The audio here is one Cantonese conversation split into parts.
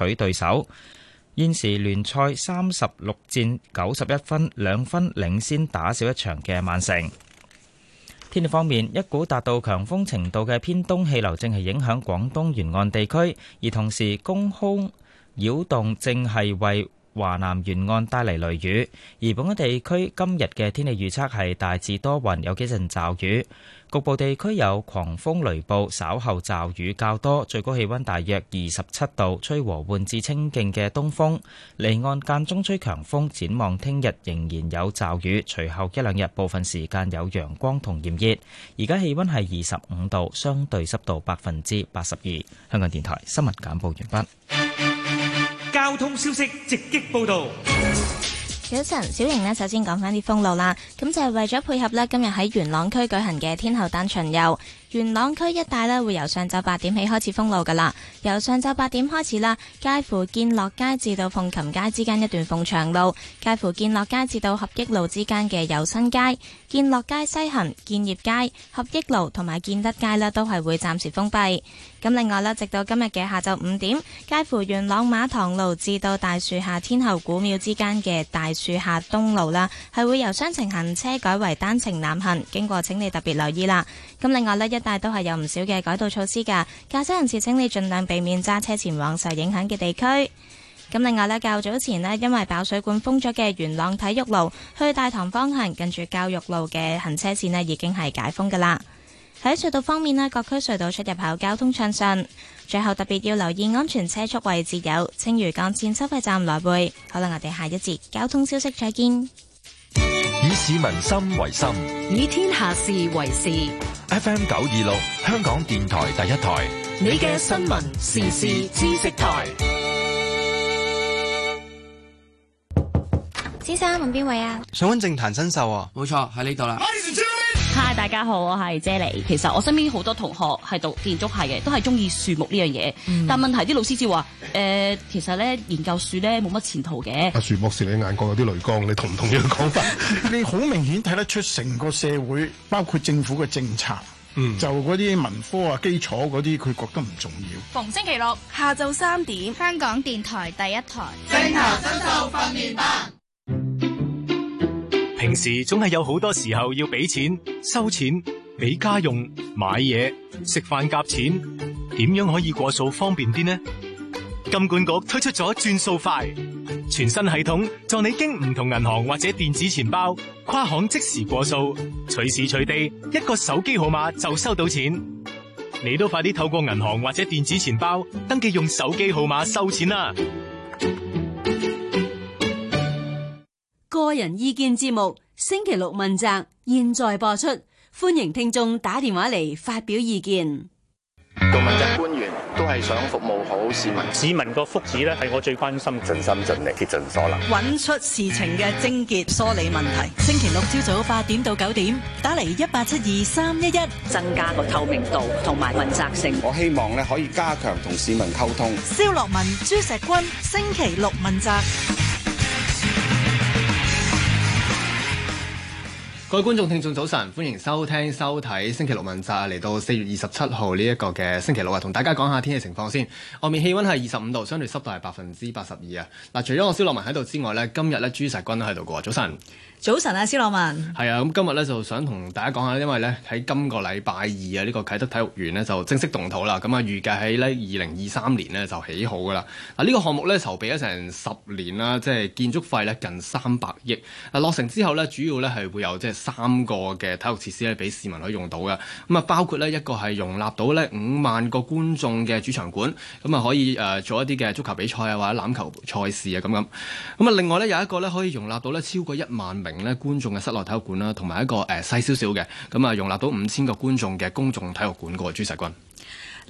取對手，現時聯賽三十六戰九十一分，兩分領先打少一場嘅曼城。天氣方面，一股達到強風程度嘅偏東氣流正係影響廣東沿岸地區，而同時高空擾動正係為。華南沿岸帶嚟雷雨，而本港地區今日嘅天氣預測係大致多雲，有幾陣驟雨，局部地區有狂風雷暴，稍後驟雨較多，最高氣溫大約二十七度，吹和緩至清勁嘅東風，離岸間中吹強風。展望聽日仍然有驟雨，隨後一兩日部分時間有陽光同炎熱。而家氣溫係二十五度，相對濕度百分之八十二。香港電台新聞簡報完畢。交通消息直擊報道。早晨，小瑩呢，首先講返啲封路啦。咁就係、是、為咗配合呢，今日喺元朗區舉行嘅天后誕巡遊。元朗區一帶呢會由上晝八點起開始封路㗎啦，由上晝八點開始啦，介乎建樂街至到鳳琴街之間一段鳳翔路，介乎建樂街至到合益路之間嘅友新街、建樂街西行、建業街、合益路同埋建德街呢都係會暫時封閉。咁另外呢直到今日嘅下晝五點，介乎元朗馬塘路至到大樹下天后古廟之間嘅大樹下東路啦，係會由雙程行車改為單程南行，經過請你特別留意啦。咁另外呢。一但都係有唔少嘅改道措施噶，駕駛人士請你盡量避免揸車前往受影響嘅地區。咁另外咧，較早前咧，因為爆水管封咗嘅元朗體育路去大棠方向，跟住教育路嘅行車綫咧已經係解封噶啦。喺隧道方面咧，各區隧道出入口交通暢順。最後特別要留意安全車速位置，有青嶼幹線收費站來回。可能我哋下一節交通消息再見。以市民心為心，以天下事為事。F M 九二六，香港電台第一台，你嘅新聞時事知識台。先生，問邊位啊？想揾政壇新秀啊？冇錯，喺呢度啦。嗨，大家好，我係 Jenny。其實我身邊好多同學係讀建築系嘅，都係中意樹木呢樣嘢。但係問題啲老師就話，誒、呃，其實咧研究樹咧冇乜前途嘅。阿、啊、樹木是你眼角有啲淚光，你同唔同意嘅講法？ 你好明顯睇得出成個社會，包括政府嘅政策，嗯、就嗰啲文科啊、基礎嗰啲，佢覺得唔重要。逢星期六下晝三點，香港電台第一台，政壇新秀訓練班。平時總係有好多時候要俾錢、收錢、俾家用、買嘢、食飯夾錢，點樣可以過數方便啲呢？金管局推出咗轉數快全新系統，助你經唔同銀行或者電子錢包跨行即時過數，隨時隨地一個手機號碼就收到錢。你都快啲透過銀行或者電子錢包登記用手機號碼收錢啦啊！個人意見節目星期六問責，現在播出，歡迎聽眾打電話嚟發表意見。個問責官員都係想服務好市民，市民個福祉呢，係我最關心，盡心盡力竭盡所能，揾出事情嘅症結，梳理問題。星期六朝早八點到九點，打嚟一八七二三一一，增加個透明度同埋問責性。我希望呢，可以加強同市民溝通。蕭洛汶、朱錫君，星期六問責。各位觀眾、聽眾，早晨，歡迎收聽、收睇星期六問責，嚟到四月二十七號呢一個嘅星期六啊，同大家講下天氣情況先。外面氣温係二十五度，相對濕度係百分之八十二啊。嗱，除咗我蕭洛汶喺度之外咧，今日呢朱錫君都喺度嘅喎，早晨。早晨啊，蕭洛汶。係啊，咁今日呢，就想同大家講下，因為呢，喺、這、今個禮拜二啊，呢個啟德體育園呢，就正式動土啦。咁啊，預計喺呢，二零二三年呢，就起好噶啦。嗱，呢個項目呢，籌備咗成十年啦，即係建築費呢，近三百億。啊，落成之後呢，主要呢，係會有即係三個嘅體育設施呢，俾市民可以用到嘅。咁啊，包括呢，一個係容納到呢五萬個觀眾嘅主場館，咁啊可以誒做一啲嘅足球比賽啊或者籃球賽事啊咁樣。咁啊，另外呢，有一個呢，可以容納到呢超過一萬名，咧，觀眾嘅室內體育館啦，同埋一個誒、呃、細少少嘅，咁啊容納到五千個觀眾嘅公眾體育館個朱錫君。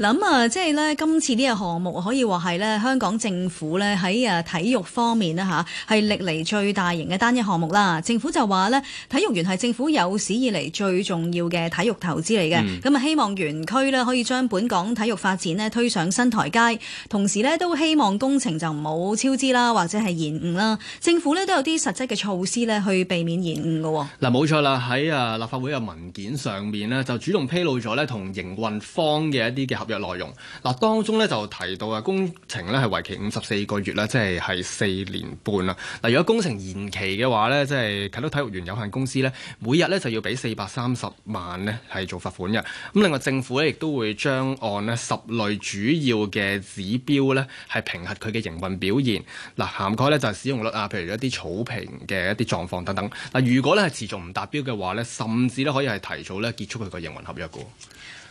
咁啊，即係咧，今次呢個項目可以話係咧，香港政府咧喺啊體育方面咧吓係歷嚟最大型嘅單一項目啦。政府就話咧，體育園係政府有史以嚟最重要嘅體育投資嚟嘅。咁啊，希望園區咧可以將本港體育發展咧推上新台階，同時咧都希望工程就唔好超支啦，或者係延誤啦。政府咧都有啲實質嘅措施咧去避免延誤嘅。嗱，冇錯啦，喺啊立法會嘅文件上面咧，就主動披露咗咧同營運方嘅一啲嘅合約內容。嗱，當中咧就提到啊，工程咧係為期五十四個月啦，即係係四年半啦。嗱，如果工程延期嘅話咧，即係啟德體育園有限公司咧，每日咧就要俾四百三十萬咧係做罰款嘅。咁，另外政府咧亦都會將按呢十類主要嘅指標咧係評核佢嘅營運表現。嗱，涵蓋咧就係使用率啊，譬如一啲草坪嘅一啲狀況等等。嗱，如果咧係持續唔達標嘅話咧，甚至咧可以係提早咧結束佢個營運合約嘅。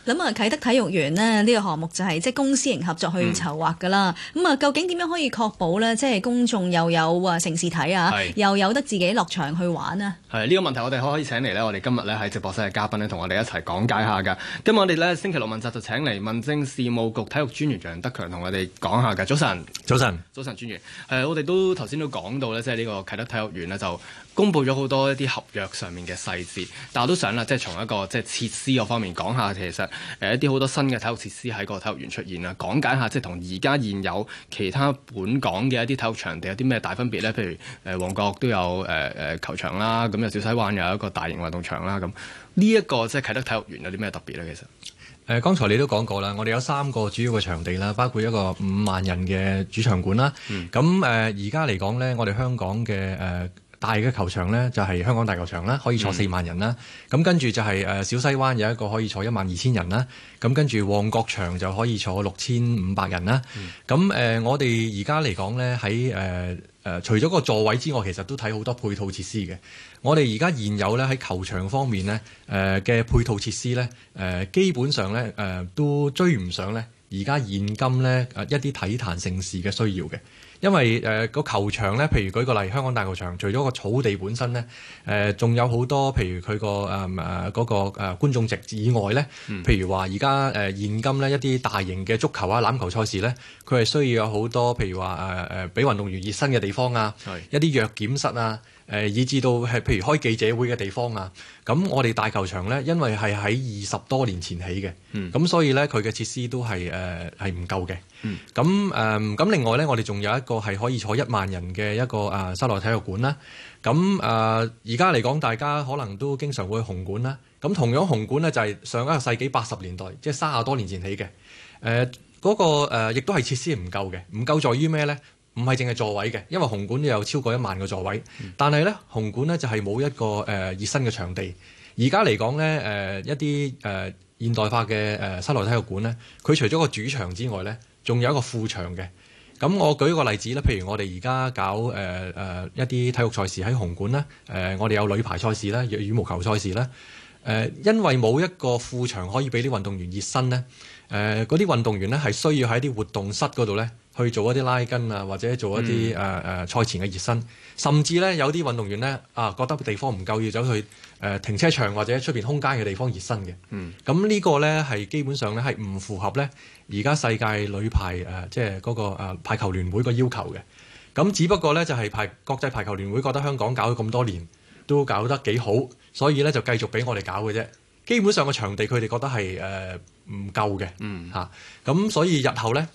咁啊，啟德體育園呢，呢、呢個項目就係即係公私營合作去籌劃噶啦。咁啊，究竟點樣可以確保呢？即係公眾又有啊，盛事睇啊，又有得自己落場去玩啊？係呢、呢個問題，我哋可唔可以請嚟呢？我哋今日呢，喺直播室嘅嘉賓呢，同我哋一齊講解下噶。今日我哋呢，星期六問責就請嚟民政事務局體育專員楊德強同我哋講下噶。早晨，早晨，早晨，專員。呃、我哋都頭先都講到呢，即係呢個啟德體育園呢，就。公布咗好多一啲合約上面嘅細節，但係我都想啦，即係從一個即係設施嗰方面講下，其實誒一啲好多新嘅體育設施喺個體育園出現啦，講解下即係同而家現有其他本港嘅一啲體育場地有啲咩大分別呢？譬如誒旺角都有誒誒、呃、球場啦，咁又小西灣又有一個大型運動場啦，咁呢一個即係啟德體育園有啲咩特別呢？其實誒，剛才你都講過啦，我哋有三個主要嘅場地啦，包括一個五萬人嘅主場館啦，咁誒而家嚟講呢，我哋香港嘅誒。呃大嘅球場呢，就係、是、香港大球場啦，可以坐四萬人啦。咁、嗯、跟住就係小西灣有一個可以坐一萬二千人啦。咁跟住旺角場就可以坐六千五百人啦。咁、嗯、誒、呃，我哋而家嚟講呢，喺誒、呃呃、除咗個座位之外，其實都睇好多配套設施嘅。我哋而家現有呢，喺球場方面呢嘅、呃、配套設施呢，誒、呃、基本上呢誒、呃、都追唔上呢。而家現今呢，一啲體壇盛事嘅需要嘅。因為誒個、呃、球場咧，譬如舉個例，香港大球場，除咗個草地本身咧，誒、呃、仲有好多，譬如佢、呃那個誒誒個觀眾席以外咧、嗯，譬如話而家誒現今咧一啲大型嘅足球啊、籃球賽事咧，佢係需要有好多，譬如話誒誒俾運動員熱身嘅地方啊，一啲藥檢室啊，呃、以至到係譬如開記者會嘅地方啊，咁我哋大球場咧，因為係喺二十多年前起嘅，咁、嗯、所以咧佢嘅設施都係誒係唔夠嘅，咁、嗯、咁、呃、另外咧我哋仲有一個。個係可以坐一萬人嘅一個啊室內體育館啦，咁啊而家嚟講，大家可能都經常會去紅館啦。咁同樣紅館呢就係上一個世紀八十年代，即係三十多年前起嘅。誒嗰個誒亦都係設施唔夠嘅，唔夠在於咩呢？唔係淨係座位嘅，因為紅館都有超過一萬個座位，但係呢，紅館呢就係冇一個誒熱身嘅場地。而家嚟講呢，誒一啲誒現代化嘅誒室內體育館呢，佢除咗個主場之外呢，仲有一個副場嘅。咁我舉個例子咧，譬如我哋而家搞誒、呃呃、一啲體育賽事喺紅館咧，誒、呃、我哋有女排賽事啦，羽毛球賽事咧，誒、呃、因為冇一個副場可以俾啲運動員熱身咧，誒嗰啲運動員咧係需要喺啲活動室嗰度咧去做一啲拉筋啊，或者做一啲誒誒賽前嘅熱身，甚至咧有啲運動員咧啊覺得地方唔夠，要走去、呃、停車場或者出面空間嘅地方熱身嘅。嗯，咁呢個咧係基本上咧係唔符合咧。而家世界女排誒，即係嗰個、呃、排球聯會個要求嘅咁，只不過呢就係、是、排國際排球聯會覺得香港搞咗咁多年都搞得幾好，所以呢就繼續俾我哋搞嘅啫。基本上個場地佢哋覺得係誒唔夠嘅嚇，咁、嗯啊、所以日後呢，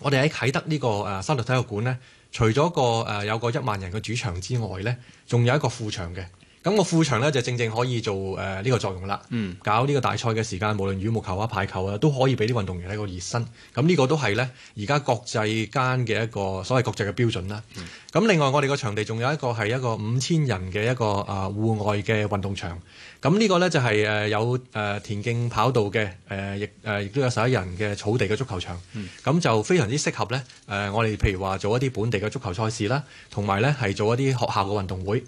我哋喺啟德呢、這個誒室內體育館呢，除咗個誒、呃、有一個一萬人嘅主場之外呢，仲有一個副場嘅。咁、那個副場咧就正正可以做誒呢、呃這個作用啦、嗯，搞呢個大賽嘅時間，無論羽毛球啊、排球啊，都可以俾啲運動員咧個熱身。咁呢個都係咧而家國際間嘅一個所謂國際嘅標準啦。咁、嗯、另外我哋個場地仲有一個係一個五千人嘅一個啊、呃、戶外嘅運動場。咁呢個咧就係、是、有誒、呃、田徑跑道嘅誒，亦誒亦都有十一人嘅草地嘅足球場。咁、嗯、就非常之適合咧誒、呃，我哋譬如話做一啲本地嘅足球賽事啦，同埋咧係做一啲學校嘅運動會。咁、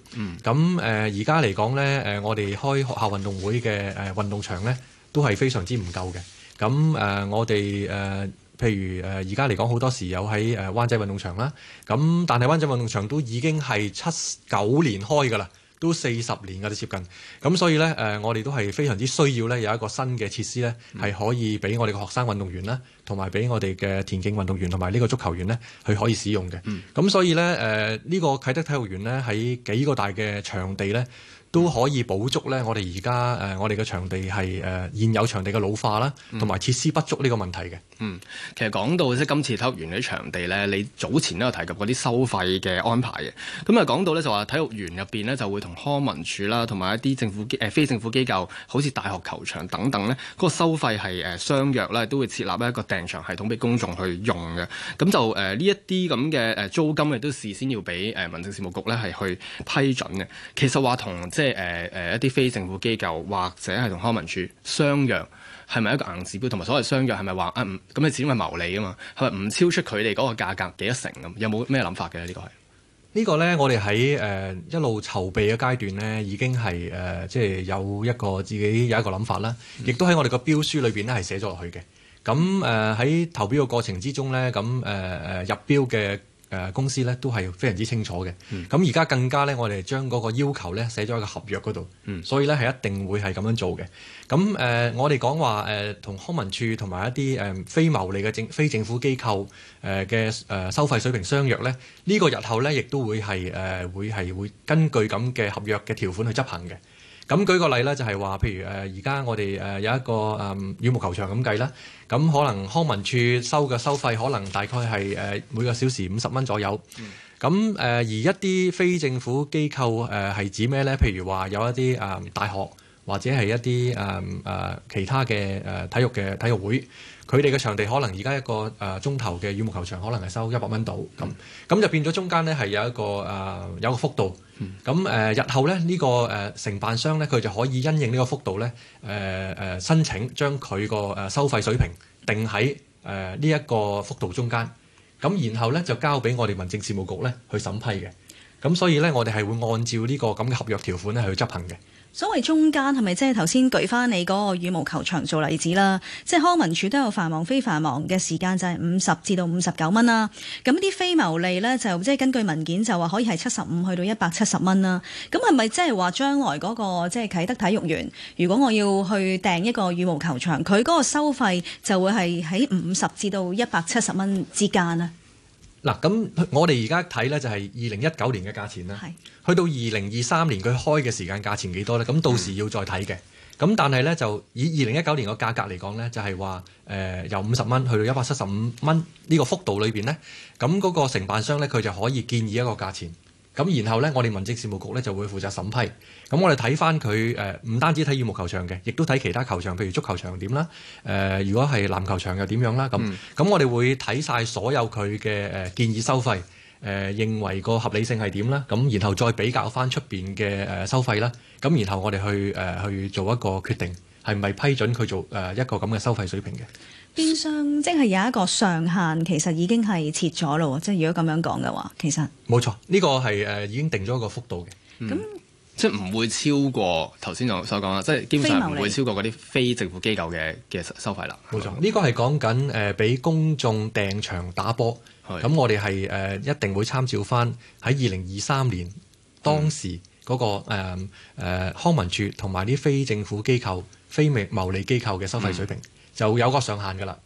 嗯而家嚟講咧，誒我哋開學校運動會嘅誒運動場咧，都係非常之唔夠嘅。咁誒、呃，我哋誒、呃、譬如誒，而家嚟講好多時有喺誒灣仔運動場啦。咁但係灣仔運動場都已經係七九年開㗎啦。都四十年，㗎啦，接近咁，所以呢，誒、呃，我哋都係非常之需要呢，有一個新嘅設施呢，係、嗯、可以俾我哋嘅學生運動員啦，同埋俾我哋嘅田徑運動員同埋呢個足球員呢，去可以使用嘅。咁、嗯、所以呢，誒、呃，呢、這個啟德體育園呢，喺幾個大嘅場地呢，都可以補足呢。我哋而家誒我哋嘅場地係誒、呃、現有場地嘅老化啦，同埋設施不足呢個問題嘅。嗯，其實講到即今次體育園嘅場地呢，你早前都有提及嗰啲收費嘅安排嘅。咁啊講到呢，就話體育園入邊呢，就會同康文署啦，同埋一啲政府機、呃、非政府機構，好似大學球場等等呢嗰，嗰個收費係誒相約咧，都會設立一個訂場系統俾公眾去用嘅。咁就誒呢一啲咁嘅誒租金亦都事先要俾誒、呃、民政事務局呢係去批准嘅。其實話同即係誒誒一啲非政府機構或者係同康文署相約，係咪一個硬指標？同埋所謂相約係咪話啊？咁、嗯、你始終係牟利啊嘛？係咪唔超出佢哋嗰個價格幾多成咁？有冇咩諗法嘅呢個係？呢個咧，我哋喺誒一路籌備嘅階段咧，已經係誒即係有一個自己有一個諗法啦。亦都喺我哋個標書裏邊咧係寫咗落去嘅。咁誒喺投標嘅過程之中咧，咁誒誒入標嘅。誒公司咧都係非常之清楚嘅，咁而家更加咧，我哋將嗰個要求咧寫咗一個合約嗰度，嗯、所以咧係一定會係咁樣做嘅。咁誒、呃，我哋講話同康文署同埋一啲非牟利嘅政非政府機構嘅收費水平相約咧，呢、呢個日後咧亦都會係誒、呃、會係會根據咁嘅合約嘅條款去執行嘅。咁舉個例咧，就係話，譬如誒，而家我哋誒有一個誒羽毛球場咁計啦，咁可能康文處收嘅收費可能大概係每個小時五十蚊左右。咁、嗯、誒而一啲非政府機構誒係指咩咧？譬如話有一啲誒、嗯、大學或者係一啲誒、嗯呃、其他嘅誒體育嘅體育會。佢哋嘅場地可能而家一個誒鐘頭嘅羽毛球場可能係收一百蚊到咁，咁就變咗中間呢係有一個誒有個幅度，咁誒日後呢呢個誒承辦商呢佢就可以因應呢個幅度呢誒誒申請將佢個誒收費水平定喺誒呢一個幅度中間，咁然後呢就交俾我哋民政事務局呢去審批嘅，咁所以呢我哋係會按照呢個咁嘅合約條款呢去執行嘅。所謂中間係咪即係頭先舉返你嗰個羽毛球場做例子啦？即係康文署都有繁忙非繁忙嘅時間，就係五十至到五十九蚊啦。咁啲非牟利呢，就即係根據文件就話可以係七十五去到一百七十蚊啦。咁係咪即係話將來嗰個即係啟德體育園，如果我要去訂一個羽毛球場，佢嗰個收費就會係喺五十至到一百七十蚊之間呢？嗱，咁我哋而家睇呢，就係二零一九年嘅價錢啦，去到二零二三年佢開嘅時間價錢幾多呢？咁到時要再睇嘅。咁但係呢，就以二零一九年個價格嚟講呢，就係話，呃，由五十蚊去到一百七十五蚊呢個幅度裏面呢，咁嗰個承辦商呢，佢就可以建議一個價錢。咁然後呢，我哋民政事務局呢就會負責審批。咁我哋睇翻佢誒，唔單止睇羽毛球場嘅，亦都睇其他球場，譬如足球場點啦。誒，如果係籃球場又點樣啦？咁咁我哋會睇晒所有佢嘅誒建議收費誒，認為個合理性係點啦。咁然後再比較翻出面嘅誒收費啦。咁然後我哋去誒去做一個決定，係咪批准佢做誒一個咁嘅收費水平嘅？變相即係有一個上限，其實已經係設咗咯。即係如果咁樣講嘅話，其實冇錯，呢、這個係誒、呃、已經定咗一個幅度嘅。咁、嗯嗯、即係唔會超過頭先我所講啦，即係基本上唔會超過嗰啲非政府機構嘅嘅收費喇。冇錯，呢、嗯這個係講緊誒俾公眾訂場打波。咁我哋係誒一定會參照翻喺二零二三年當時嗰、那個誒、呃呃、康文署同埋啲非政府機構、非牟利機構嘅收費水平。嗯就有個上限嘅啦。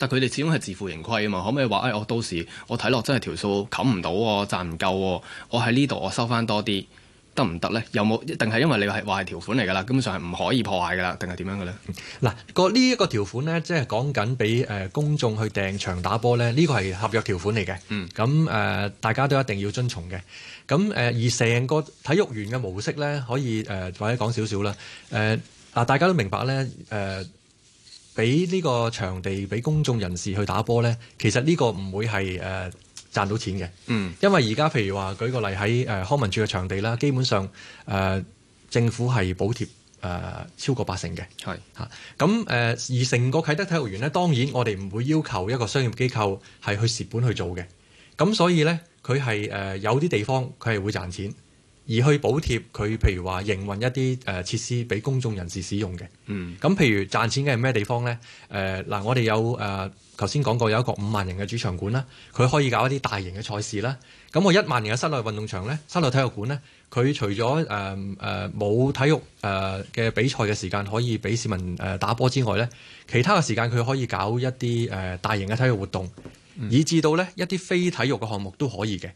但佢哋始終係自負盈虧啊嘛，可唔可以話誒、哎？我到時我睇落真係條數冚唔到喎，賺唔夠喎，我喺呢度我收翻多啲得唔得呢？有冇？定係因為你係話係條款嚟㗎啦？根本上係唔可以破壞㗎啦，定係點樣嘅呢？嗱、嗯，個呢一個條款呢，即係講緊俾誒公眾去訂場打波呢，呢、這個係合約條款嚟嘅。咁、嗯、誒、呃，大家都一定要遵從嘅。咁誒、呃，而成個體育園嘅模式呢，可以誒，或者講少少啦。誒嗱、呃，大家都明白呢。誒、呃。俾呢個場地俾公眾人士去打波呢，其實呢個唔會係誒、呃、賺到錢嘅、嗯，因為而家譬如話舉個例喺誒、呃、康文署嘅場地啦，基本上、呃、政府係補貼、呃、超過八成嘅，係吓、咁、啊呃、而成個啟德體育園呢，當然我哋唔會要求一個商業機構係去蝕本去做嘅，咁所以呢，佢係、呃、有啲地方佢係會賺錢。而去補貼佢，譬如話營運一啲誒、呃、設施俾公眾人士使用嘅。嗯。咁譬如賺錢嘅係咩地方呢？誒、呃、嗱，我哋有誒頭先講過有一個五萬人嘅主場館啦，佢可以搞一啲大型嘅賽事啦。咁我一萬人嘅室內運動場呢，室內體育館呢，佢除咗誒誒冇體育誒嘅、呃、比賽嘅時間可以俾市民誒打波之外呢，其他嘅時間佢可以搞一啲誒、呃、大型嘅體育活動，嗯、以至到呢一啲非體育嘅項目都可以嘅。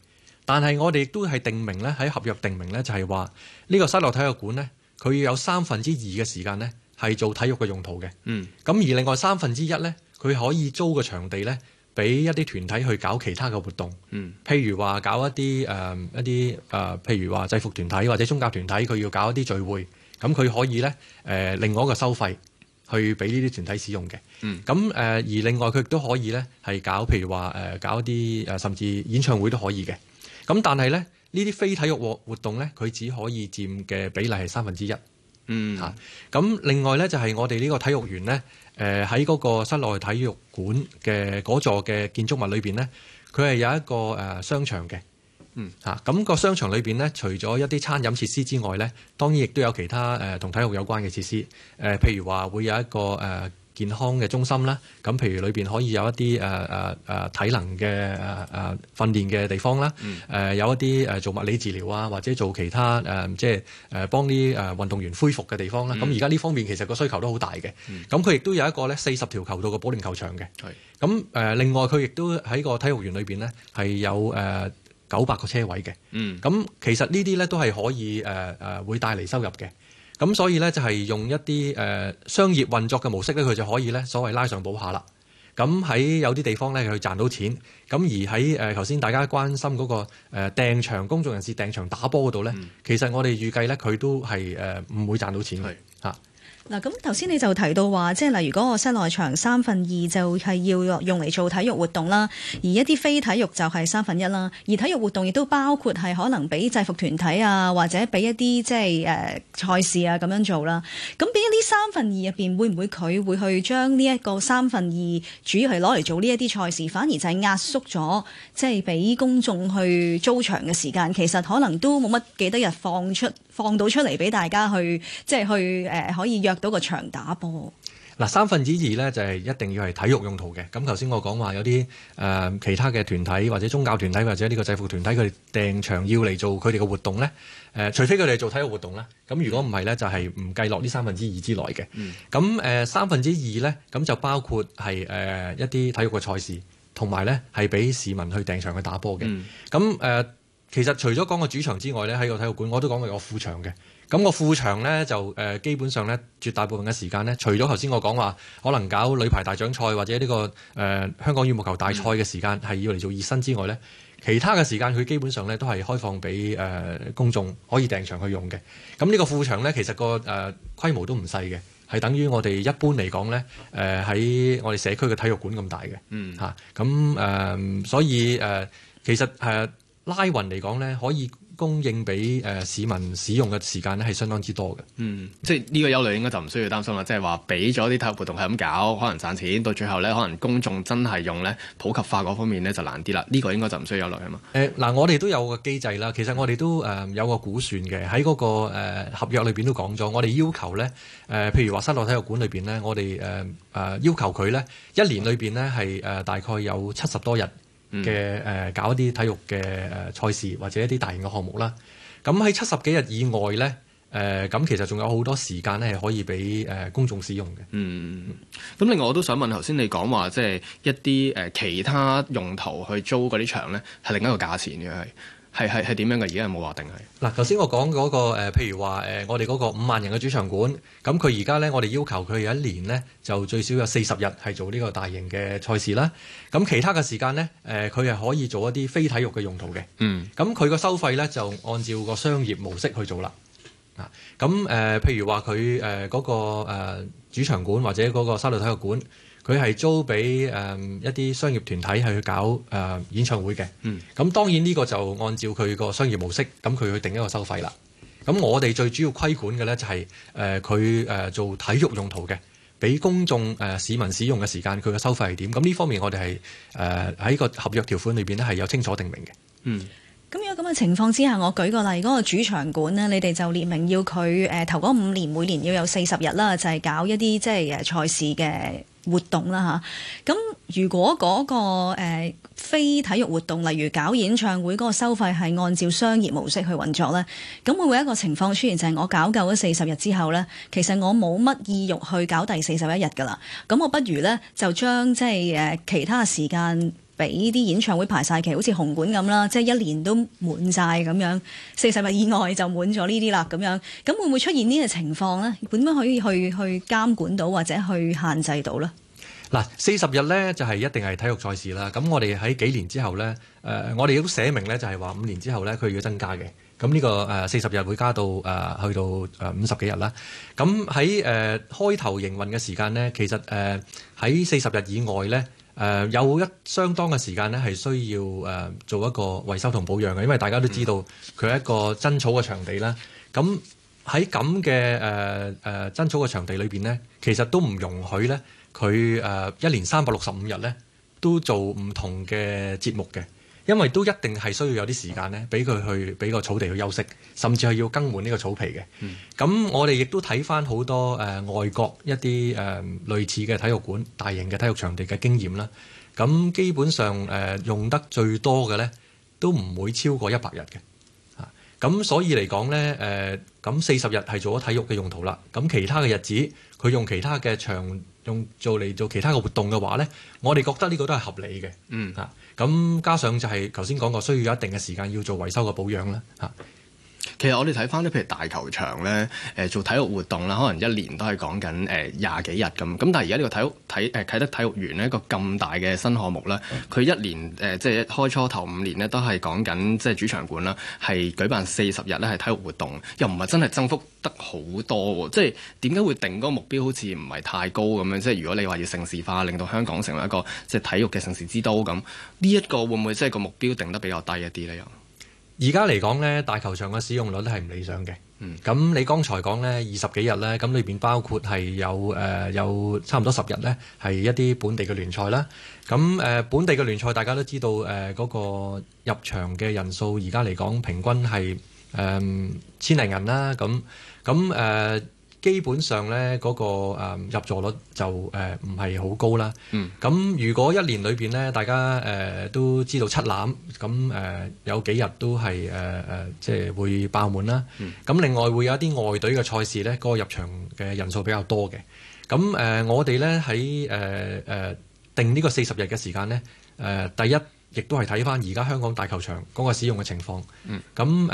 但係我哋亦都係定明咧，喺合約定明咧，就係話呢個西樂體育館咧，佢要有三分之二嘅時間咧係做體育嘅用途嘅。嗯。咁而另外三分之一咧，佢可以租個場地咧，俾一啲團體去搞其他嘅活動。嗯。譬如話搞一啲、呃、一啲、呃、譬如話制服團體或者宗教團體，佢要搞一啲聚會，咁佢可以咧、呃、另外一個收費去俾呢啲團體使用嘅。嗯。咁、呃、而另外佢亦都可以咧係搞譬如話、呃、搞一啲、呃、甚至演唱會都可以嘅。咁但係咧，呢啲非體育活活動咧，佢只可以佔嘅比例係三分之一。嗯，咁、啊、另外咧就係、係、我哋呢個體育園咧，喺、呃、嗰個室內體育館嘅嗰座嘅建築物裏面咧，佢係有一個、呃、商場嘅。嗯、啊，咁、嗰個商場裏面咧，除咗一啲餐飲設施之外咧，當然亦都有其他同、呃、體育有關嘅設施。呃、譬如話會有一個、呃健康嘅中心啦，咁譬如裏邊可以有一啲誒誒誒體能嘅誒誒訓練嘅地方啦，誒、嗯呃、有一啲誒做物理治療啊，或者做其他誒即係誒幫啲誒運動員恢復嘅地方啦。咁而家呢方面其實個需求都好大嘅，咁佢亦都有一個咧四十條球道嘅保齡球場嘅，係、咁誒、呃、另外佢亦都喺個體育園裏邊咧係有誒九百個車位嘅，咁、嗯、其實這些呢啲咧都係可以誒誒、呃、會帶嚟收入嘅。咁所以咧就係用一啲誒商業運作嘅模式咧，佢就可以咧所謂拉上補下啦。咁喺有啲地方咧，佢賺到錢。咁而喺誒頭先大家關心嗰個誒訂場公眾人士訂場打波嗰度咧，嗯、其實我哋預計咧佢都係誒唔會賺到錢嘅吓。嗱，咁頭先你就提到話，即係例如如果個室內場三分二就係要用嚟做體育活動啦，而一啲非體育就係三分一啦。而體育活動亦都包括係可能俾制服團體啊，或者俾一啲即係誒賽事啊咁樣做啦。咁俾呢三分二入面會唔會佢會去將呢一個三分二主要係攞嚟做呢一啲賽事，反而就係壓縮咗即係俾公眾去租場嘅時間，其實可能都冇乜幾多日放出。放到出嚟俾大家去，即係去、呃、可以約到個場打波。嗱，三分之二咧就係、是、一定要係體育用途嘅。咁頭先我講話有啲、呃、其他嘅團體或者宗教團體或者呢個制服團體佢哋訂場要嚟做佢哋嘅活動咧、呃，除非佢哋做體育活動咧，咁如果唔係咧就係唔計落呢三分之二之內嘅。咁、嗯呃、三分之二咧，咁就包括係、呃、一啲體育嘅賽事，同埋咧係俾市民去訂場去打波嘅。咁、嗯、誒。嗯呃其實除咗講個主場之外咧，喺個體育館我都講過個副場嘅。咁個副場咧就誒、呃、基本上咧絕大部分嘅時間咧，除咗頭先我講話可能搞女排大獎賽或者呢、呢個誒、呃、香港羽毛球大賽嘅時間係要嚟做熱身之外咧，其他嘅時間佢基本上咧都係開放俾誒、呃、公眾可以訂場去用嘅。咁呢個副場咧其實個誒、呃、規模都唔細嘅，係等於我哋一般嚟講咧誒喺我哋社區嘅體育館咁大嘅。嗯，嚇咁誒，所以誒、呃、其實誒。呃拉勻嚟講呢可以供應俾市民使用嘅時間呢係相當之多嘅。嗯，即係呢個憂慮應該就唔需要擔心啦。即係話俾咗啲體育活動係咁搞，可能賺錢，到最後呢，可能公眾真係用呢普及化嗰方面呢，就難啲、這個呃、啦。呢個應該就唔需要憂慮啊嘛。嗱，我哋都有個機制啦。其實我哋都、呃、有個估算嘅，喺嗰、那個、呃、合約裏面都講咗，我哋要求呢，呃、譬如話室內體育館裏面呢，我哋、呃呃、要求佢呢，一年裏面呢，係、呃、大概有七十多日。嘅誒搞一啲體育嘅誒賽事或者一啲大型嘅項目啦，咁喺七十幾日以外咧，誒咁其實仲有好多時間咧係可以俾誒公眾使用嘅。嗯，咁另外我都想問頭先你講話即係一啲誒其他用途去租嗰啲場咧，係另一個價錢嘅係？係係係點樣嘅？而家有冇話定係？嗱、那個，頭先我講嗰個譬如話誒、呃，我哋嗰個五萬人嘅主場館，咁佢而家咧，我哋要求佢有一年咧，就最少有四十日係做呢個大型嘅賽事啦。咁其他嘅時間咧，誒佢係可以做一啲非體育嘅用途嘅。嗯。咁佢個收費咧就按照個商業模式去做啦。啊，咁、呃、誒，譬如話佢誒嗰個、呃、主場館或者嗰個沙律體育館。佢係租俾誒一啲商業團體，係去搞誒演唱會嘅。嗯，咁當然呢個就按照佢個商業模式，咁佢去定一個收費啦。咁我哋最主要規管嘅呢、就係，就係誒佢誒做體育用途嘅，俾公眾誒、呃、市民使用嘅時間，佢嘅收費係點？咁呢方面我哋係誒喺個合約條款裏邊呢係有清楚定明嘅。嗯，咁如果咁嘅情況之下，我舉個例，嗰、嗰個主場館呢，你哋就列明要佢誒、呃、頭嗰五年每年要有四十日啦，就係、係、搞一啲即係誒賽事嘅。活動啦，吓，咁如果嗰個非體育活動，例如搞演唱會嗰個收費係按照商業模式去運作咧，咁會唔會一個情況出現就係、是、我搞夠咗四十日之後咧，其實我冇乜意欲去搞第四十一日㗎啦，咁我不如咧就將即係誒其他時間。俾啲演唱會排晒期，好似紅館咁啦，即係一年都滿晒咁樣。四十日以外就滿咗呢啲啦，咁樣咁會唔會出現呢個情況呢？點樣可以去去，去監管到或者去限制到呢？嗱，四十日呢就係一定係體育賽事啦。咁我哋喺幾年之後呢、呃，我哋都寫明呢，就係話五年之後呢，佢要增加嘅。咁呢個四十日會加到、呃、去到五十幾日啦。咁喺誒開頭營運嘅時間呢，其實喺、呃、四十日以外呢。誒有一相當嘅時間咧，係需要誒做一個維修同保養嘅，因為大家都知道佢係一個真草嘅場地啦。咁喺咁嘅誒誒真草嘅場地裏邊咧，其實都唔容許咧佢誒一年三百六十五日咧都做唔同嘅節目嘅。因為都一定係需要有啲時間咧，俾佢去俾個草地去休息，甚至係要更換呢個草皮嘅。咁、嗯、我哋亦都睇翻好多、呃、外國一啲誒、呃、類似嘅體育館、大型嘅體育場地嘅經驗啦。咁基本上、呃、用得最多嘅咧，都唔會超過一百日嘅。啊，咁所以嚟講咧誒，咁四十日係做咗體育嘅用途啦。咁其他嘅日子，佢用其他嘅場用做嚟做其他嘅活動嘅話咧，我哋覺得呢個都係合理嘅。嗯嚇，咁加上就係頭先講過，需要有一定嘅時間要做維修嘅保養啦嚇。其實我哋睇翻咧，譬如大球場呢，呃、做體育活動啦，可能一年都係講緊誒廿幾日咁。咁但係而家呢個體育體誒啟德體育園一個咁大嘅新項目啦，佢、嗯、一年、呃、即係開初頭五年呢，都係講緊即係主場館啦，係舉辦四十日呢，係體育活動，又唔係真係增幅得好多喎。即係點解會定嗰個目標好似唔係太高咁樣？即係如果你話要城市化，令到香港成為一個即係體育嘅城市之都咁，呢一個會唔會即係個目標定得比較低一啲呢？又？而家嚟講呢，大球場嘅使用率係唔理想嘅。咁你剛才講呢二十幾日呢，咁裏邊包括係有誒有差唔多十日呢，係一啲本地嘅聯賽啦。咁誒本地嘅聯賽，大家都知道誒嗰個入場嘅人數，而家嚟講平均係誒千零人啦。咁咁誒。基本上咧嗰個誒入座率就誒唔係好高啦。咁如果一年裏邊咧，大家誒都知道七欖，咁誒有幾日都係誒誒，即係會爆滿啦。咁另外會有一啲外隊嘅賽事咧，嗰個入場嘅人數比較多嘅。咁誒我哋咧喺誒誒定呢個四十日嘅時間咧，誒第一。亦都係睇返而家香港大球場嗰、嗯嗯、個使用嘅情況。咁誒，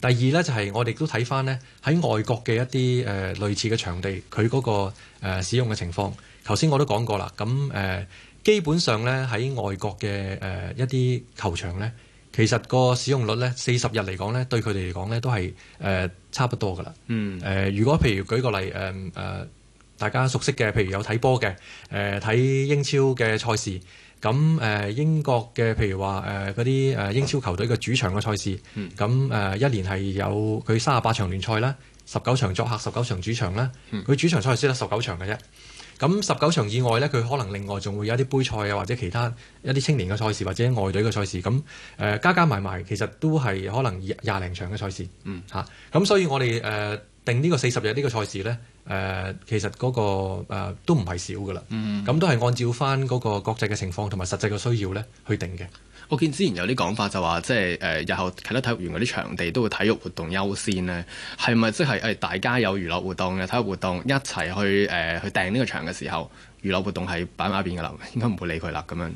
第二呢，就係我哋都睇返呢喺外國嘅一啲誒類似嘅場地，佢嗰個使用嘅情況。頭先我都講過啦，咁誒基本上呢喺外國嘅誒一啲球場呢，其實個使用率呢，四十日嚟講呢，對佢哋嚟講呢，都係誒差唔多㗎喇。誒、嗯、如果譬如舉個例誒誒，大家熟悉嘅，譬如有睇波嘅誒睇英超嘅賽事。咁、呃、英國嘅，譬如話嗰啲英超球隊嘅主場嘅賽事，咁、嗯呃、一年係有佢三十八場聯賽啦，十九場作客，十九場主場啦，佢、嗯、主場賽事得十九場嘅啫。咁十九場以外呢，佢可能另外仲會有一啲杯賽啊，或者其他一啲青年嘅賽事或者外隊嘅賽事。咁、呃、加加埋埋，其實都係可能廿零場嘅賽事。咁、嗯啊、所以我哋定呢個四十日呢個賽事呢，誒、呃，其實嗰、那個、呃、都唔係少噶啦，咁、嗯、都係按照翻嗰個國際嘅情況同埋實際嘅需要呢去定嘅。我見之前有啲講法就話、是，即係誒日後其他體育員嗰啲場地都會體育活動優先呢，係咪即係誒大家有娛樂活動嘅體育活動一齊去誒、呃、去訂呢個場嘅時候，娛樂活動係擺埋一邊噶啦，應該唔會理佢啦咁樣。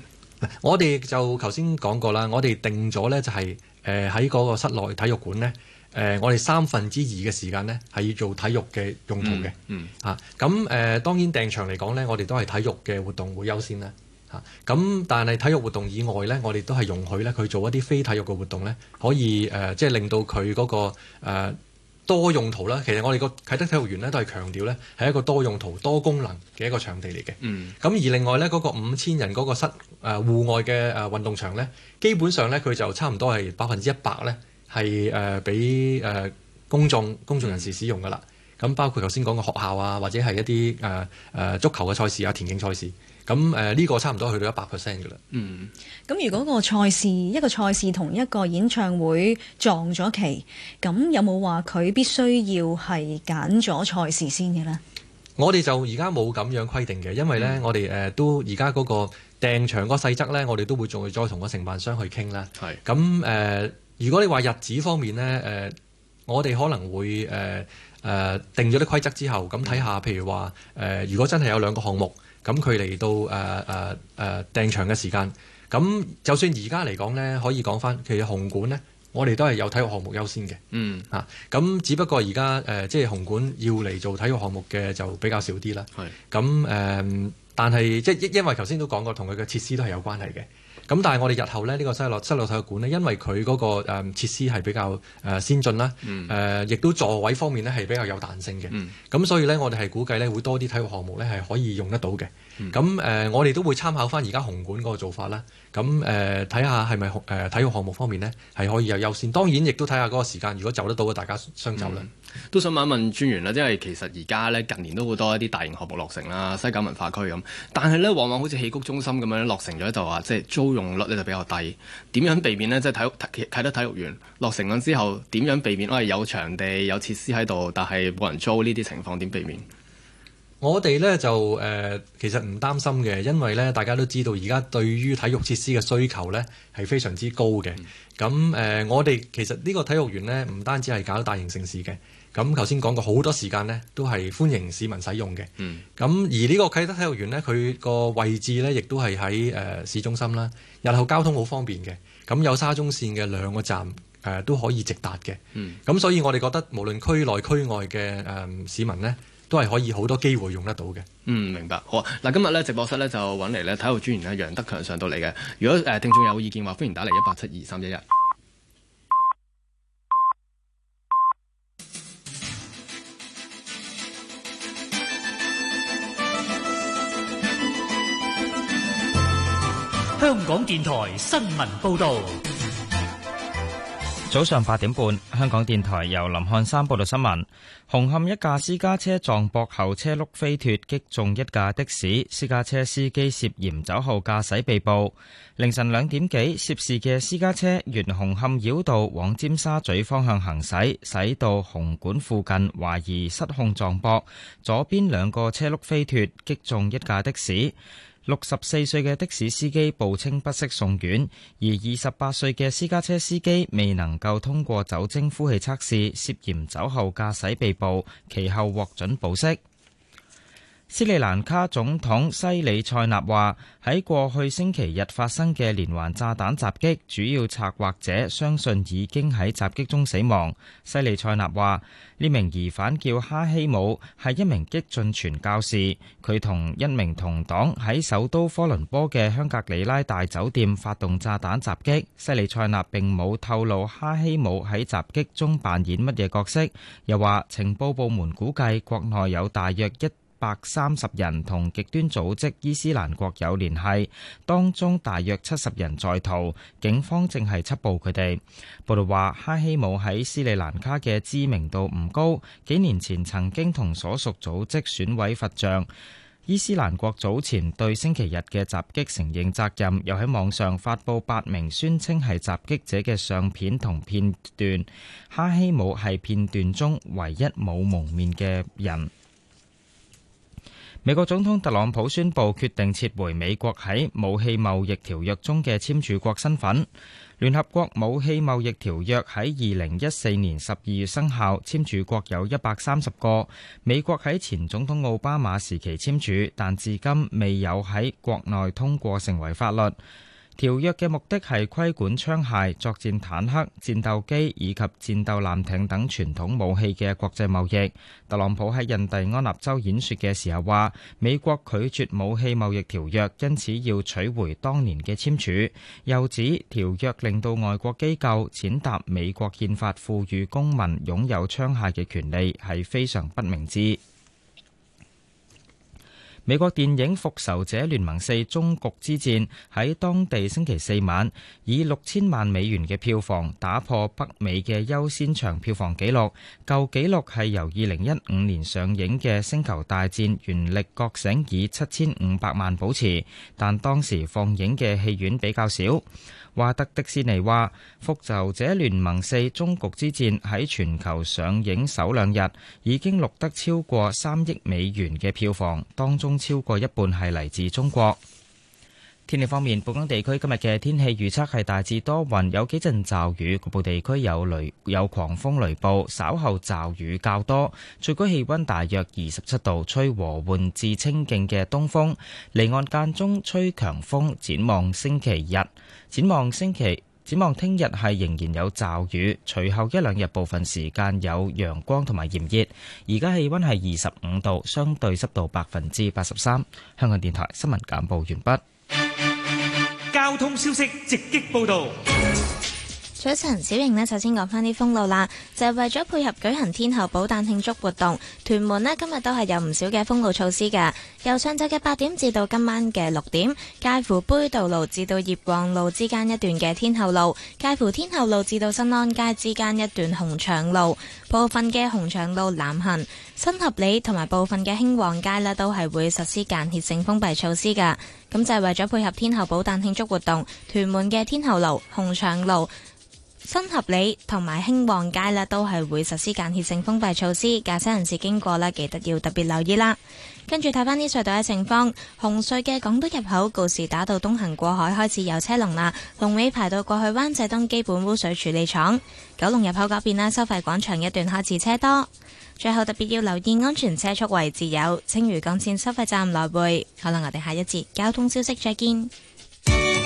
我哋就頭先講過啦，我哋定咗呢就係誒喺嗰個室內體育館呢。誒、呃，我哋三分之二嘅時間咧係要做體育嘅用途嘅，嗯，嚇咁誒，當然訂場嚟講呢，我哋都係體育嘅活動會優先啦，嚇、啊、咁。但係體育活動以外呢，我哋都係容許咧佢做一啲非體育嘅活動咧，可以誒，即、呃、係、就是、令到佢嗰、那個、呃、多用途啦。其實我哋個啟德體育園咧都係強調呢係一個多用途多功能嘅一個場地嚟嘅，嗯。咁而另外呢，嗰、那個五千人嗰個室誒戶外嘅誒運動場呢，基本上呢，佢就差唔多係百分之一百呢。係誒，俾、呃、誒、呃、公眾公眾人士使用噶啦。咁、嗯、包括頭先講嘅學校啊，或者係一啲誒誒足球嘅賽事啊，田徑賽事。咁誒呢個差唔多去到一百 percent 噶啦。嗯，咁如果個賽事一個賽事同一個演唱會撞咗期，咁有冇話佢必須要係揀咗賽事先嘅呢？我哋就而家冇咁樣規定嘅，因為呢，嗯、我哋誒都而家嗰個訂場個細則呢，我哋都會再再同個承辦商去傾啦。係咁誒。嗯呃如果你話日子方面咧、呃，我哋可能會、呃呃、定咗啲規則之後，咁睇下，譬如話、呃、如果真係有兩個項目，咁佢嚟到誒誒誒訂場嘅時間，咁就算而家嚟講咧，可以講翻，其實紅館咧，我哋都係有體育項目優先嘅，嗯、啊，咁只不過而家、呃、即係紅館要嚟做體育項目嘅就比較少啲啦，係，咁、呃、但係即係因因為頭先都講過，同佢嘅設施都係有關係嘅。咁但係我哋日後咧呢、呢個西落西落體育館咧，因為佢嗰個誒設施係比較誒先進啦，誒、嗯、亦、呃、都座位方面咧係比較有彈性嘅。咁、嗯、所以咧我哋係估計咧會多啲體育項目咧係可以用得到嘅。咁、嗯、誒、呃、我哋都會參考翻而家紅館嗰個做法啦。咁睇下係咪誒體育項目方面咧係可以有優先，當然亦都睇下嗰個時間，如果走得到嘅大家相走啦。嗯都想問一問專員啦，因為其實而家呢，近年都好多一啲大型項目落成啦，西九文化區咁，但係呢，往往好似戲曲中心咁樣落成咗就話即係租用率呢就比較低，點樣避免呢？即係睇睇得體育園落成咗之後，點樣避免我係有場地有設施喺度，但係冇人租呢啲情況點避免？我哋呢就誒、呃、其實唔擔心嘅，因為呢，大家都知道而家對於體育設施嘅需求呢係非常之高嘅。咁、嗯、誒、呃，我哋其實呢個體育園呢，唔單止係搞大型盛事嘅。咁頭先講過好多時間呢，都係歡迎市民使用嘅。咁、嗯、而呢個啟德體育園呢，佢個位置呢，亦都係喺市中心啦，入口交通好方便嘅。咁有沙中線嘅兩個站都可以直達嘅。咁、嗯、所以我哋覺得無論區內區外嘅市民呢，都係可以好多機會用得到嘅。嗯，明白。好啊，嗱，今日呢，直播室呢就揾嚟呢體育專員呢，楊德強上到嚟嘅。如果誒聽眾有意見話，歡迎打嚟一八七二三一一。172, 香港電台新聞報道：早上八點半，香港電台由林漢山報道新聞。紅磡一架私家車撞博後，車轆飛脱，擊中一架的士。私家車司機涉嫌酒後駕駛被捕。凌晨兩點幾，涉事嘅私家車沿紅磡繞道往尖沙咀方向行駛，駛到紅館附近，懷疑失控撞博，左邊兩個車轆飛脱，擊中一架的士。六十四歲嘅的，的士司機報稱不適送院，而二十八歲嘅私家車司機未能夠通過酒精呼氣測試，涉嫌酒後駕駛被捕，其後獲准保釋。斯里蘭卡總統西里塞納話：喺過去星期日發生嘅連環炸彈襲擊，主要策劃者相信已經喺襲擊中死亡。西里塞納話：呢名疑犯叫哈希姆，係一名激進傳教士。佢同一名同黨喺首都科倫坡嘅香格里拉大酒店發動炸彈襲擊。西里塞納並冇透露哈希姆喺襲擊中扮演乜嘢角色，又話情報部門估計國內有大約一。百三十人同極端組織伊斯蘭國有聯繫，當中大約七十人在逃，警方正係緝捕佢哋。報道話，哈希姆喺斯里蘭卡嘅知名度唔高，幾年前曾經同所屬組織損毀佛像。伊斯蘭國早前對星期日嘅襲擊承認責任，又喺網上發布八名宣稱係襲擊者嘅相片同片段，哈希姆係片段中唯一冇蒙面嘅人。美國總統特朗普宣布決定撤回美國喺武器貿易條約中嘅簽署國身份。聯合國武器貿易條約喺二零一四年十二月生效，簽署國有一百三十個。美國喺前總統奧巴馬時期簽署，但至今未有喺國內通過成為法律。條約嘅目的係規管槍械、作戰坦克、戰鬥機以及戰鬥艦艇等傳統武器嘅國際貿易。特朗普喺印第安納州演說嘅時候話，美國拒絕武器貿易條約，因此要取回當年嘅簽署。又指條約令到外國機構踐踏美國憲法，賦予公民擁有槍械嘅權利，係非常不明智。美國電影《復仇者聯盟四：終局之戰》喺當地星期四晚以六千萬美元嘅票房打破北美嘅優先場票房紀錄，舊紀錄係由二零一五年上映嘅《星球大戰：原力覺醒》以七千五百萬保持，但當時放映嘅戲院比較少。華特迪士尼話，《復仇者聯盟四：終局之戰》喺全球上映首兩日已經錄得超過三億美元嘅票房，當中超過一半係嚟自中國。天氣方面，本港地區今日嘅天氣預測係大致多雲，有幾陣驟雨。局部地區有雷有狂風雷暴，稍後驟雨較多。最高氣溫大約二十七度，吹和緩至清勁嘅東風，離岸間中吹強風。展望星期日。展望星期，展望聽日係仍然有驟雨，隨後一兩日部分時間有陽光同埋炎熱。而家氣温係二十五度，相對濕度百分之八十三。香港電台新聞簡報完畢。交通消息直擊報導。早晨，小瑩呢，首先講返啲封路啦，就係、是、為咗配合舉行天后寶誕慶祝活動，屯門呢今日都係有唔少嘅封路措施㗎。由上晝嘅八點至到今晚嘅六點，介乎杯渡路至到葉旺路之間一段嘅天后路，介乎天后路至到新安街之間一段紅長路，部分嘅紅長路南行、新合里同埋部分嘅興旺街呢，都係會實施間歇性封閉措施㗎。咁就係、是、為咗配合天后寶誕慶祝活動，屯門嘅天后路、紅長路，新合理同埋興旺街咧，都係會實施間歇性封閉措施，駕駛人士經過咧，記得要特別留意啦。跟住睇翻啲隧道嘅情況，紅隧嘅港島入口告士打道東行過海開始有車龍啦，龍尾排到過去灣仔東基本污水處理廠，九龍入口嗰邊啦，收費廣場一段開始車多，最後特別要留意安全車速位置有青嶼幹線收費站來回。可能我哋下一節交通消息再見。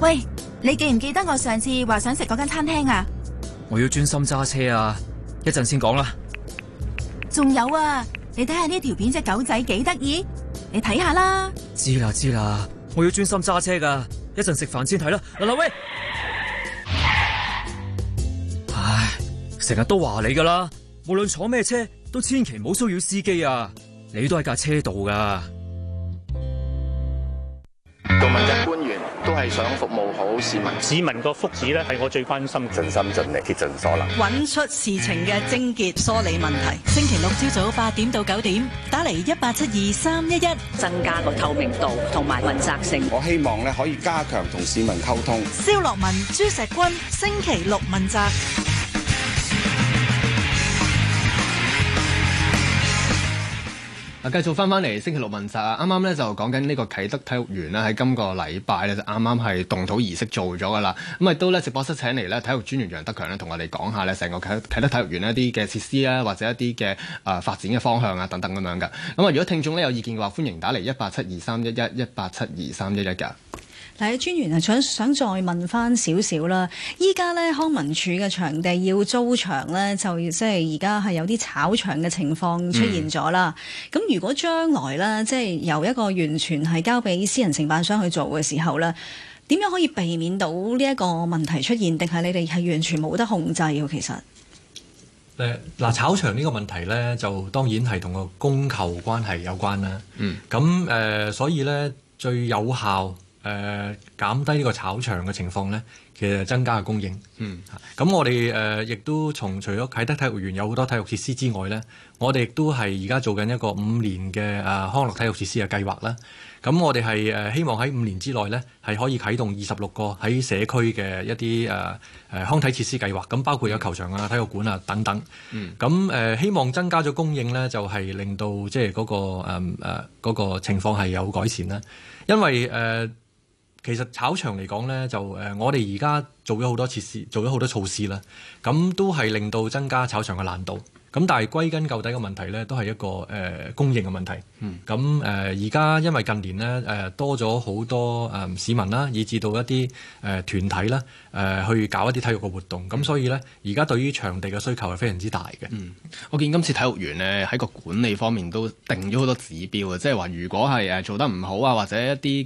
喂，你記唔記得我上次話想食嗰間餐廳啊？我要專心揸車啊，一陣先講啦。仲有啊，你睇下呢條片隻狗仔幾得意，你睇下啦。知啦知啦，我要專心揸車噶，一陣食飯先睇啦。嗱嗱喂，唉，成日都話你噶啦，無論坐咩車都千祈唔好騷擾司機啊。你都係架車度噶。做問責官員。都係想服務好市民，市民個福祉咧係我最關心的，盡心盡力竭盡所能，揾出事情嘅症結，梳理問題。星期六朝早八點到九點，打嚟一八七二三一一，增加個透明度同埋問責性。我希望咧可以加強同市民溝通。蕭洛汶、朱錫君，星期六問責。繼續翻翻嚟星期六問責啊！啱啱咧就講緊呢個啟德體育園咧，喺今個禮拜咧就啱啱係動土儀式做咗噶啦。咁啊都咧直播室請嚟咧體育專員楊德強咧，同我哋講下咧成個啟啟德體育園一啲嘅設施啊，或者一啲嘅誒發展嘅方向啊等等咁樣噶。咁啊，如果聽眾呢有意見嘅話，歡迎打嚟一八七二三一一，一八七二三一一噶。嗱，專員啊，想想再問翻少少啦。依家呢，康文署嘅場地要租場呢，就即係而家係有啲炒場嘅情況出現咗啦。咁、嗯、如果將來呢，即係由一個完全係交俾私人承辦商去做嘅時候呢，點樣可以避免到呢一個問題出現？定係你哋係完全冇得控制嘅？其實誒嗱，炒場呢個問題呢，就當然係同個供求關係有關啦。嗯，咁誒，所以呢，最有效。誒、呃、減低呢個炒場嘅情況呢，其實增加嘅供應。嗯，咁我哋誒亦都從除咗啟德體育園有好多體育設施之外呢，我哋亦都係而家做緊一個五年嘅、呃、康樂體育設施嘅計劃啦。咁我哋係、呃、希望喺五年之內呢，係可以啟動二十六個喺社區嘅一啲誒、呃、康體設施計劃。咁包括有球場啊、嗯、體育館啊等等。咁、嗯呃、希望增加咗供應呢，就係、是、令到即係嗰個誒嗰個情況係有改善啦。因為誒。呃其實炒場嚟講呢，就誒，我哋而家做咗好多設施，做咗好多措施啦，咁都係令到增加炒場嘅難度。咁但係歸根究底嘅問題呢，都係一個、呃、供應嘅問題。咁而家因為近年呢，呃、多咗好多、呃、市民啦、啊，以至到一啲、呃、團體啦、啊呃、去搞一啲體育嘅活動，咁、嗯、所以呢，而家對於場地嘅需求係非常之大嘅、嗯。我見今次體育園呢，喺個管理方面都定咗好多指標啊，即係話如果係做得唔好啊，或者一啲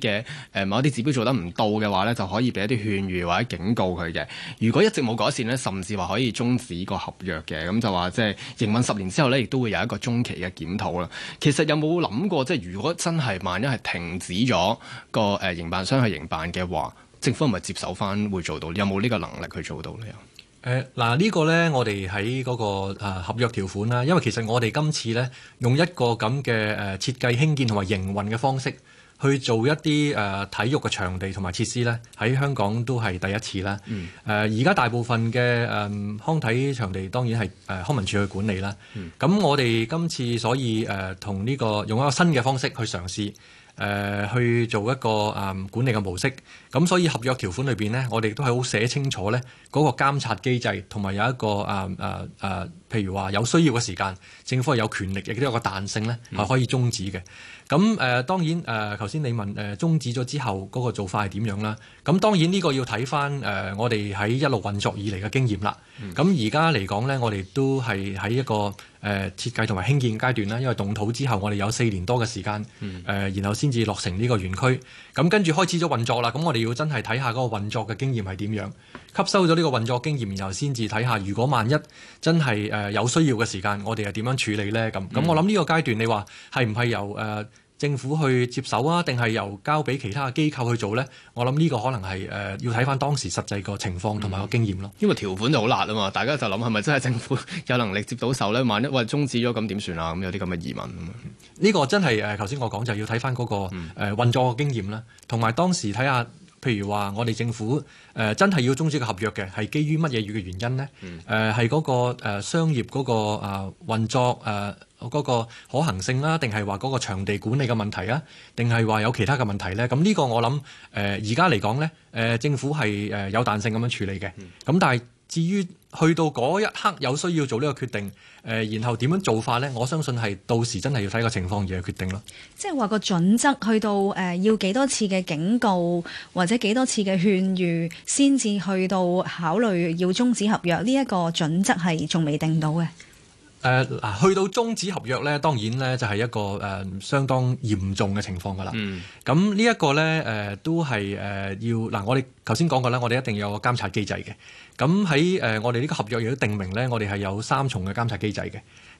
嘅某一啲指標做得唔到嘅話呢，就可以俾一啲勸喻或者警告佢嘅。如果一直冇改善呢，甚至話可以終止個合約嘅。咁就話即係。營運十年之後呢，亦都會有一個中期嘅檢討啦。其實有冇諗過，即係如果真係萬一係停止咗個誒營辦商去營辦嘅話，政府係咪接手返會，會做到？有冇呢個能力去做到呢？啊、呃？誒嗱，呢個呢，我哋喺嗰個合約條款啦。因為其實我哋今次呢，用一個咁嘅誒設計興建同埋營運嘅方式。去做一啲誒、呃、體育嘅場地同埋設施呢，喺香港都係第一次啦。誒而家大部分嘅誒、呃、康體場地當然係誒、呃、康文署去管理啦。咁我哋今次所以誒同呢個用一個新嘅方式去嘗試誒、呃、去做一個誒、呃、管理嘅模式。咁所以合約條款裏邊咧，我哋都係好寫清楚咧，嗰個監察機制，同埋有一個誒誒誒譬如話有需要嘅時間，政府係有權力亦都有一個彈性咧，係可以中止嘅。咁誒當然誒頭先你問誒中止咗之後嗰個做法係點樣啦。咁當然呢個要睇翻誒我哋喺一路運作以嚟嘅經驗啦。咁而家嚟講咧，我哋都係喺一個誒設計同埋興建階段啦，因為動土之後我哋有四年多嘅時間誒，然後先至落成呢個園區，咁跟住開始咗運作啦，咁我哋。要真係睇下嗰個運作嘅經驗係點樣，吸收咗呢個運作經驗，然後先至睇下，如果萬一真係誒有需要嘅時間，我哋係點樣處理呢？咁、嗯、咁，我諗呢個階段，你話係唔係由誒政府去接手啊？定係由交俾其他嘅機構去做呢？我諗呢個可能係誒、呃、要睇翻當時實際個情況同埋個經驗咯、嗯。因為條款就好辣啊嘛，大家就諗係咪真係政府有能力接到手呢？萬一喂終止咗，咁點算啊？咁有啲咁嘅疑問。呢、嗯這個真係誒，頭、呃、先我講就是、要睇翻嗰個誒運、嗯呃、作嘅經驗啦，同埋當時睇下。譬如話，我哋政府、呃、真係要終止個合約嘅，係基於乜嘢嘅原因呢？誒係嗰個商業嗰、嗰個運、呃、運作嗰、呃那個可行性啦，定係話嗰個場地管理嘅問題啊，定係話有其他嘅問題咧？咁呢個我諗而家嚟講咧，政府係有彈性咁樣處理嘅。咁、嗯、但係至於去到嗰一刻有需要做呢個決定。誒，然後點樣做法呢？我相信係到時真係要睇個情況而去決定咯。即係話個準則，去到誒要幾多次嘅警告或者幾多次嘅勸喻，先至去到考慮要終止合約呢一個準則係仲未定到嘅。嗯誒，嗱，去到終止合約咧，當然咧就係一個誒相當嚴重嘅情況㗎啦。咁呢一個咧，誒都係誒要嗱，我哋頭先講過咧，我哋一定要有個監察機制嘅。咁喺誒我哋呢個合約亦都定明咧，我哋係有三重嘅監察機制嘅。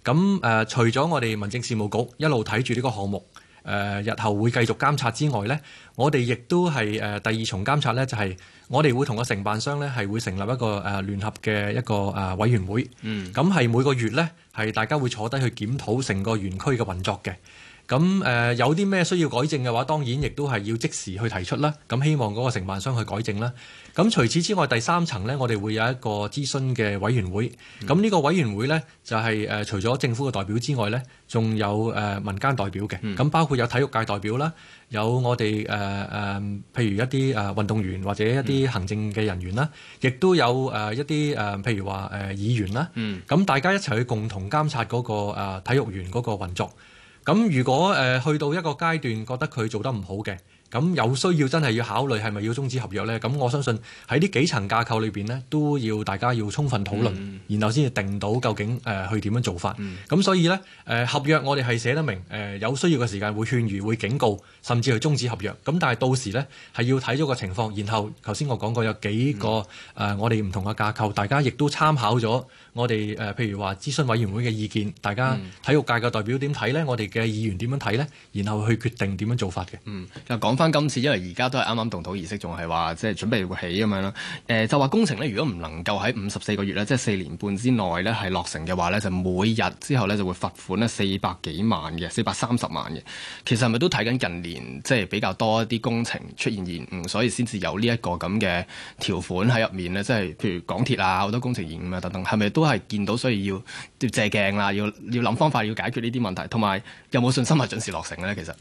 咁誒，除咗我哋民政事務局一路睇住呢個項目，誒日後會繼續監察之外咧，我哋亦都係誒第二重監察咧，就係我哋會同個承辦商咧係會成立一個誒聯合嘅一個誒委員會。嗯，咁係每個月咧。係大家會坐低去檢討成個園區嘅運作嘅。咁誒有啲咩需要改正嘅話，當然亦都係要即時去提出啦。咁希望嗰個承辦商去改正啦。咁除此之外，第三層呢，我哋會有一個諮詢嘅委員會。咁、嗯、呢個委員會呢，就係除咗政府嘅代表之外呢，仲有民間代表嘅。咁、嗯、包括有體育界代表啦，有我哋誒譬如一啲誒運動員或者一啲行政嘅人員啦，亦、嗯、都有一啲誒，譬如話誒議員啦。咁、嗯、大家一齊去共同監察嗰個誒體育園嗰個運作。咁如果誒、呃、去到一個階段覺得佢做得唔好嘅，咁有需要真係要考慮係咪要終止合約呢？咁我相信喺呢幾層架構裏面呢，都要大家要充分討論，嗯、然後先至定到究竟誒、呃、去點樣做法。咁、嗯、所以呢，呃、合約我哋係寫得明誒、呃、有需要嘅時間會勸喻會警告，甚至去終止合約。咁但係到時呢，係要睇咗個情況，然後頭先我講過有幾個誒、嗯呃、我哋唔同嘅架構，大家亦都參考咗。我哋誒、呃，譬如話諮詢委員會嘅意見，大家體育界嘅代表點睇呢？我哋嘅議員點樣睇呢？然後去決定點樣做法嘅。嗯，就講翻今次，因為而家都係啱啱動土儀式，仲係話即係準備會起咁樣啦。誒、嗯，就話工程呢，如果唔能夠喺五十四個月呢，即係四年半之內呢，係落成嘅話呢，就是、每日之後呢，就會罰款呢四百幾萬嘅，四百三十萬嘅。其實係咪都睇緊近年即係、就是、比較多一啲工程出現延誤，所以先至有呢一個咁嘅條款喺入面呢？即、就、係、是、譬如港鐵啊，好多工程延誤啊等等，係咪都？都係見到，所以要要借鏡啦，要要諗方法，要解決呢啲問題，同埋有冇信心係準時落成咧？其實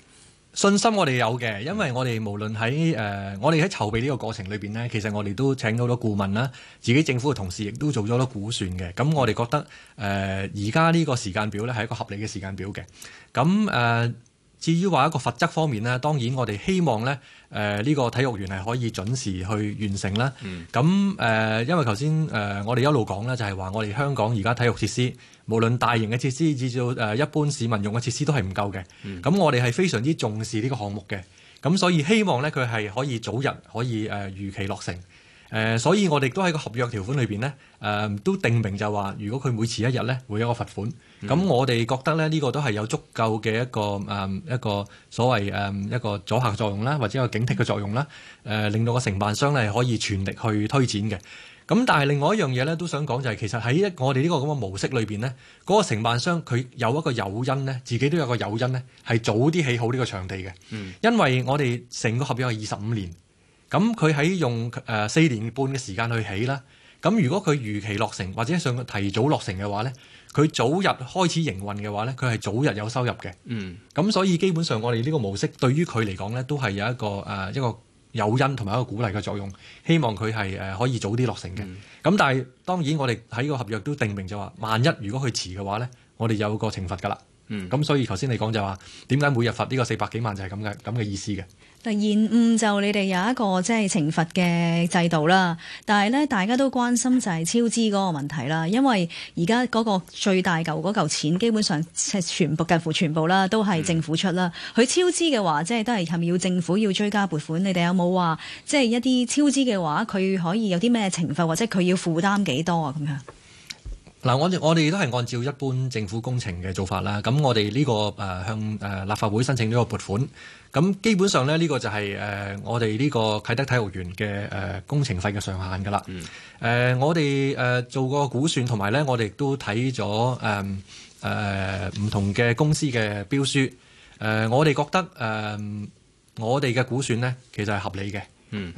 信心我哋有嘅，因為我哋無論喺誒，我哋喺籌備呢個過程裏邊呢，其實我哋都請咗好多顧問啦，自己政府嘅同事亦都做咗好多估算嘅，咁我哋覺得誒而家呢個時間表呢，係一個合理嘅時間表嘅，咁誒。呃至於話一個罰則方面呢，當然我哋希望呢誒呢個體育園係可以準時去完成啦。咁誒，因為頭先誒我哋一路講呢，就係、是、話我哋香港而家體育設施，無論大型嘅設施，至少誒一般市民用嘅設施都係唔夠嘅。咁、嗯、我哋係非常之重視呢個項目嘅，咁所以希望呢，佢係可以早日可以誒如期落成。誒、呃，所以我哋都喺個合約條款裏邊呢，誒、呃、都定明就話，如果佢每遲一日呢，會有個罰款。咁、嗯、我哋覺得呢，呢、這個都係有足夠嘅一個誒、呃、一個所謂誒、呃、一個阻嚇作用啦，或者一個警惕嘅作用啦、呃。令到個承辦商呢，係可以全力去推展嘅。咁但係另外一樣嘢呢，都想講就係、是、其實喺一我哋呢個咁嘅模式裏邊呢，嗰、那個承辦商佢有一個誘因呢，自己都有個誘因呢，係早啲起好呢個場地嘅、嗯。因為我哋成個合約係二十五年。咁佢喺用四年半嘅時間去起啦。咁如果佢如期落成或者上提早落成嘅話咧，佢早日開始營運嘅話咧，佢係早日有收入嘅。嗯。咁所以基本上我哋呢個模式對於佢嚟講咧，都係有一個誒、呃、一個誘因同埋一個鼓勵嘅作用。希望佢係可以早啲落成嘅。咁、嗯、但係當然我哋喺個合約都定明咗話，萬一如果佢遲嘅話咧，我哋有個懲罰噶啦。嗯。咁所以頭先你講就話點解每日罰呢個四百幾萬就係咁嘅咁嘅意思嘅。延誤就你哋有一個即係懲罰嘅制度啦，但係咧大家都關心就係超支嗰個問題啦，因為而家嗰個最大嚿嗰嚿錢基本上即係全部近乎全部啦，都係政府出啦。佢、嗯、超支嘅話，即係都係係咪要政府要追加撥款？你哋有冇話即係一啲超支嘅話，佢可以有啲咩懲罰，或者佢要負擔幾多啊？咁樣。嗱，我我哋都係按照一般政府工程嘅做法啦。咁我哋呢個誒向誒立法會申請呢個撥款。咁基本上咧，呢個就係誒我哋呢個啟德體育園嘅誒工程費嘅上限噶啦。誒、嗯，我哋誒做個估算，同埋咧，我哋亦都睇咗誒誒唔同嘅公司嘅標書。誒，我哋覺得誒我哋嘅估算呢，其實係合理嘅。嗯。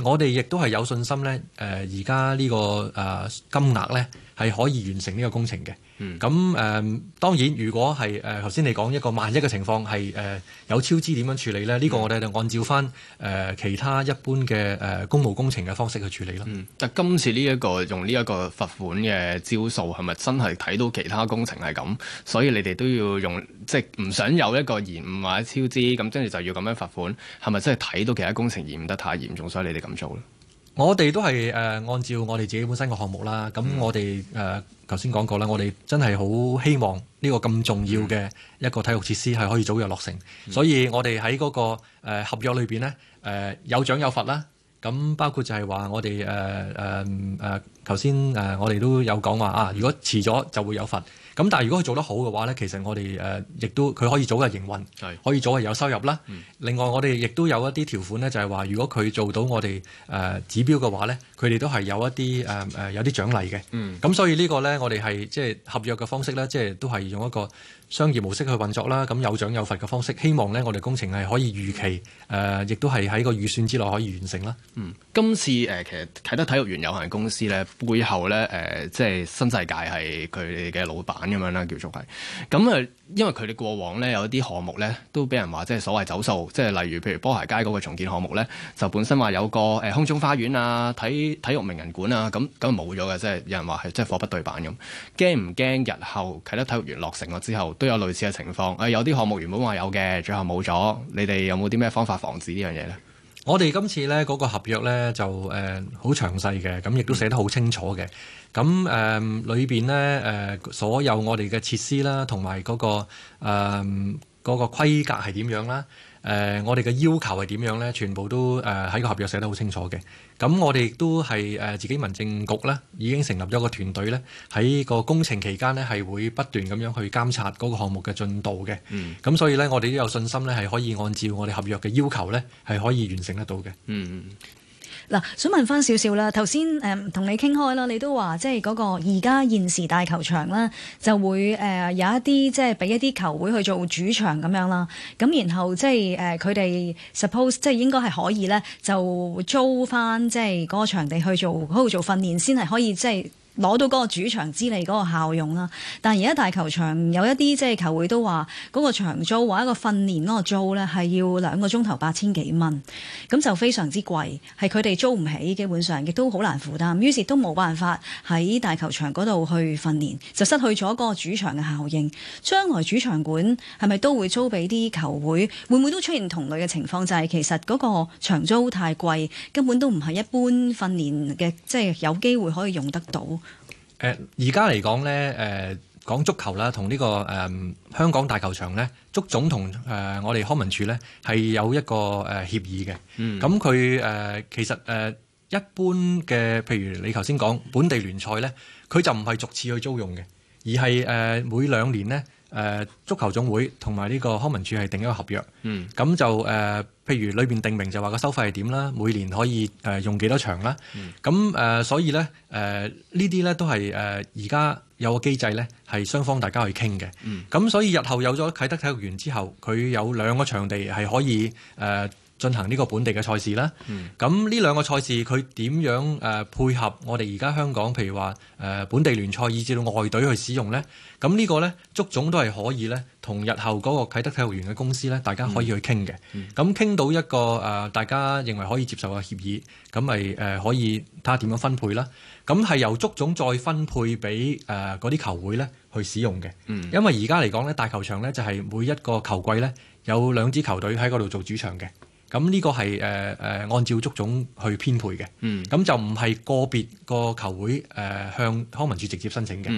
誒，我哋亦都係有信心咧。誒，而家呢個誒金額咧。係可以完成呢個工程嘅。咁、嗯呃、當然，如果係誒頭先你講一個萬一嘅情況，係、呃、有超支點樣處理咧？呢、呢個我哋就按照翻、呃、其他一般嘅誒工務工程嘅方式去處理咯、嗯。但今次呢、呢、一個用呢一個罰款嘅招數，係咪真係睇到其他工程係咁？所以你哋都要用即係唔想有一個延誤或者超支，咁跟住就要咁樣罰款，係咪真係睇到其他工程延誤得太嚴重，所以你哋咁做咧？我哋都係誒按照我哋自己本身個項目啦，咁我哋誒頭先講過啦，我哋真係好希望呢個咁重要嘅一個體育設施係可以早日落成，所以我哋喺嗰個合約裏邊呢，誒有獎有罰啦，咁包括就係話我哋誒誒誒頭先誒我哋都有講話啊，如果遲咗就會有罰。咁但係如果佢做得好嘅話呢，其實我哋誒亦都佢可以早日營運，可以早日有收入啦、嗯。另外我哋亦都有一啲條款呢，就係話如果佢做到我哋誒指標嘅話呢，佢哋都係有一啲誒誒有啲獎勵嘅。咁、嗯、所以呢個呢，我哋係即係合約嘅方式呢，即、就、係、是、都係用一個商業模式去運作啦。咁有獎有罰嘅方式，希望呢我哋工程係可以預期誒，亦、呃、都係喺個預算之內可以完成啦、嗯。今次誒其實啟德體育園有限公司呢，背後呢，誒即係新世界係佢哋嘅老闆。咁樣啦，叫做係咁啊！因為佢哋過往咧有啲項目咧，都俾人話即係所謂走數，即係例如譬如波鞋街嗰個重建項目咧，就本身話有個誒空中花園啊、睇體育名人館啊，咁咁冇咗嘅，即係有人話係即係貨不對板咁。驚唔驚？日後啟德體育園落成咗之後，都有類似嘅情況？誒，有啲項目原本話有嘅，最後冇咗。你哋有冇啲咩方法防止呢樣嘢咧？我哋今次咧嗰個合約咧就誒好詳細嘅，咁亦都寫得好清楚嘅。咁誒裏面呢，誒所有我哋嘅設施啦，同埋嗰個誒嗰、嗯嗰個、規格係點樣啦？誒、呃、我哋嘅要求係點樣呢？全部都誒喺個合約寫得好清楚嘅。咁我哋亦都係誒自己民政局呢已經成立咗個團隊呢，喺個工程期間呢係會不斷咁樣去監察嗰個項目嘅進度嘅。嗯。咁所以呢，我哋都有信心呢係可以按照我哋合約嘅要求呢，係可以完成得到嘅。嗯嗯。嗱，想問翻少少啦。頭先誒同你傾開啦，你都話即係嗰個而家現時大球場啦，就會誒、呃、有一啲即係俾一啲球會去做主場咁樣啦。咁然後即係誒佢哋 suppose 即係應該係可以咧，就租翻即係嗰個場地去做嗰度做訓練，先係可以即係。攞到嗰個主場之利嗰個效用啦，但係而家大球場有一啲即係球會都話嗰個場租或一個訓練嗰個租咧係要兩個鐘頭八千幾蚊，咁就非常之貴，係佢哋租唔起，基本上亦都好難負擔，於是都冇辦法喺大球場嗰度去訓練，就失去咗嗰個主場嘅效應。將來主場館係咪都會租俾啲球會？會唔會都出現同類嘅情況？就係其實嗰個場租太貴，根本都唔係一般訓練嘅，即係有機會可以用得到。誒而家嚟講咧，誒講足球啦，同呢、這個誒、嗯、香港大球場咧，足總同誒、呃、我哋康文署咧係有一個誒協議嘅。咁佢誒其實誒、呃、一般嘅，譬如你頭先講本地聯賽咧，佢就唔係逐次去租用嘅，而係誒、呃、每兩年咧。誒足球總會同埋呢個康文署係定一個合約，咁、嗯、就誒、呃、譬如裏面定名就話個收費係點啦，每年可以用幾多場啦，咁、嗯、誒、呃、所以咧誒呢啲咧都係誒而家有個機制咧，係雙方大家去傾嘅，咁、嗯、所以日後有咗啟德體育園之後，佢有兩個場地係可以誒、呃進行呢個本地嘅賽事啦。咁呢兩個賽事佢點樣誒配合我哋而家香港，譬如話誒本地聯賽以至到外隊去使用呢？咁呢個呢，足總都係可以呢，同日後嗰個啟德體育園嘅公司呢，大家可以去傾嘅。咁傾到一個誒，大家認為可以接受嘅協議，咁咪誒可以睇下點樣分配啦。咁係由足總再分配俾誒嗰啲球會呢去使用嘅。因為而家嚟講呢，大球場呢，就係每一個球季呢，有兩支球隊喺嗰度做主場嘅。咁呢個係誒按照足總去編配嘅，咁就唔係個別個球會誒向康文署直接申請嘅。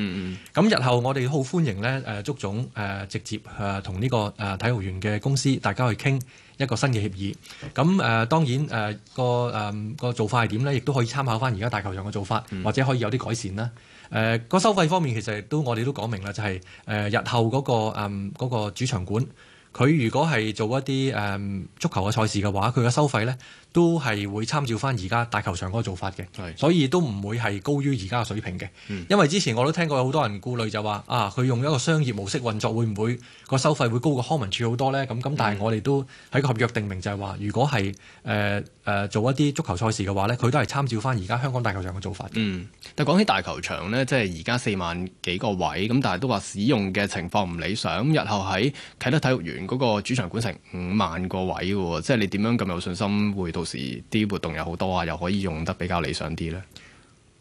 咁日後我哋好歡迎咧誒足總直接同呢個誒體育園嘅公司大家去傾一個新嘅協議。咁誒當然誒個誒個做法係點咧，亦都可以參考翻而家大球場嘅做法，或者可以有啲改善啦。誒個收費方面其實都我哋都講明啦，就係誒日後嗰個誒嗰個主場館。佢如果係做一啲誒、嗯、足球嘅賽事嘅話，佢嘅收費呢都係會參照翻而家大球場嗰個做法嘅，所以都唔會係高於而家嘅水平嘅、嗯。因為之前我都聽過有好多人顧慮就話啊，佢用一個商業模式運作會唔會個收費會高過康文署好多呢？咁咁，但係我哋都喺個合約定明就係話，如果係誒誒做一啲足球賽事嘅話呢，佢都係參照翻而家香港大球場嘅做法嘅、嗯。但係講起大球場呢，即係而家四萬幾個位咁，但係都話使用嘅情況唔理想。日後喺啟德體育園。嗰、那個主場館成五萬個位喎，即係你點樣咁有信心會到時啲活動又好多啊，又可以用得比較理想啲呢？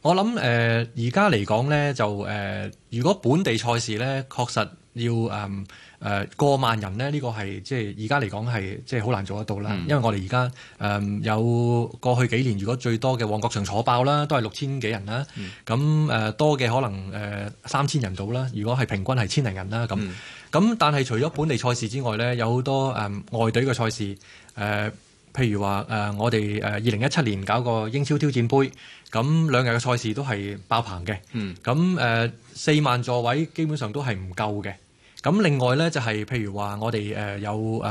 我諗誒，而家嚟講呢，就誒、呃，如果本地賽事呢，確實要誒誒、呃、過萬人呢。呢、這個係即係而家嚟講係即係好難做得到啦。嗯、因為我哋而家誒有過去幾年，如果最多嘅旺角場坐爆啦，都係六千幾人啦。咁、嗯、誒、呃、多嘅可能誒三千人到啦。如果係平均係千零人啦咁。嗯那咁但係除咗本地賽事之外呢，有好多、嗯、外隊嘅賽事，呃、譬如話、呃、我哋誒二零一七年搞個英超挑戰杯，咁兩日嘅賽事都係爆棚嘅。嗯，咁四萬座位基本上都係唔夠嘅。咁另外呢，就係、是、譬如話我哋有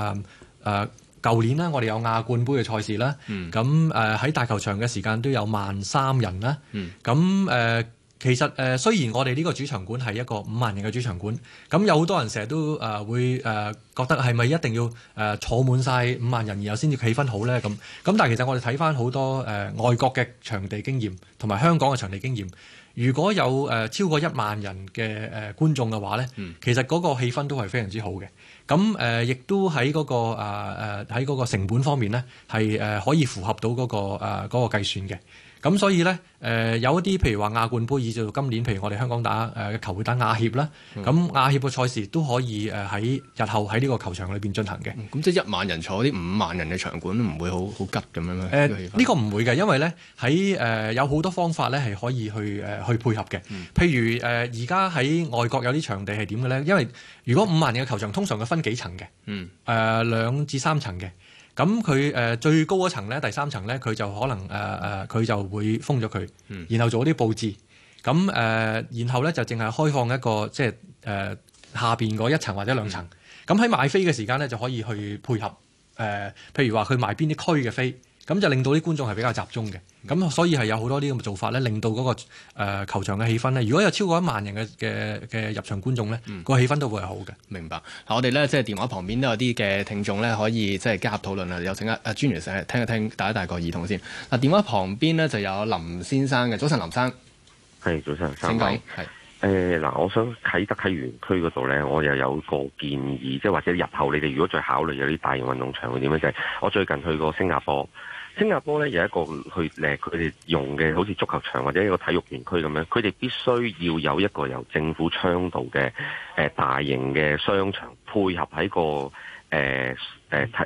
誒舊年啦，我哋有亞、呃呃、冠杯嘅賽事啦。咁、嗯、喺、呃、大球場嘅時間都有萬三人啦。咁、嗯其實誒雖然我哋呢個主場館係一個五萬人嘅主場館，咁有好多人成日都誒會誒覺得係咪一定要誒坐滿晒五萬人，然後先至氣氛好咧？咁咁但係其實我哋睇翻好多誒、呃、外國嘅場地經驗同埋香港嘅場地經驗，如果有誒、呃、超過一萬人嘅誒、呃、觀眾嘅話咧，其實嗰個氣氛都係非常之好嘅。咁誒亦都喺嗰、嗰個啊喺嗰個成本方面咧，係誒可以符合到嗰、嗰個誒嗰、呃嗰個計算嘅。咁所以咧，誒、呃、有一啲譬如話亞冠杯，以至到今年，譬如我哋香港打、呃、球會打亞協啦，咁、嗯、亞協嘅賽事都可以誒喺、呃、日後喺呢個球場裏面進行嘅。咁、嗯、即係一萬人坐啲五萬人嘅場館都唔會好好吉咁樣咩？呢、呃呢個唔、呢個、會嘅，因為咧喺誒有好多方法咧係可以去、呃、去配合嘅、嗯。譬如誒而家喺外國有啲場地係點嘅咧？因為如果五萬人嘅球場通常佢分幾層嘅，誒、嗯呃、兩至三層嘅。咁佢、呃、最高嗰層咧，第三層咧，佢就可能佢、呃、就會封咗佢，然後做一啲佈置。咁、呃、然後咧就淨係開放一個即係、呃、下面嗰一層或者兩層。咁、嗯、喺買飛嘅時間咧，就可以去配合、呃、譬如話去買邊啲區嘅飛。咁就令到啲觀眾係比較集中嘅，咁所以係有好多啲咁嘅做法咧，令到嗰個球場嘅氣氛咧。如果有超過一萬人嘅嘅嘅入場觀眾咧，個、嗯、氣氛都會好嘅。明白。嗱，我哋咧即係電話旁邊都有啲嘅聽眾咧，可以即係加入討論啦。有請阿阿、啊、專員上嚟聽一聽大一大個耳筒先。嗱，電話旁邊呢，就有林先生嘅。早晨，林生。係早晨，林生。請講。係。嗱、呃，我想啟德喺園區嗰度咧，我又有個建議，即係或者日後你哋如果再考慮有啲大型運動場會點樣？就係、我最近去過新加坡。新加坡咧有一個去誒佢哋用嘅好似足球場或者一個體育園區咁樣，佢哋必須要有一個由政府倡導嘅誒大型嘅商場配合喺個誒誒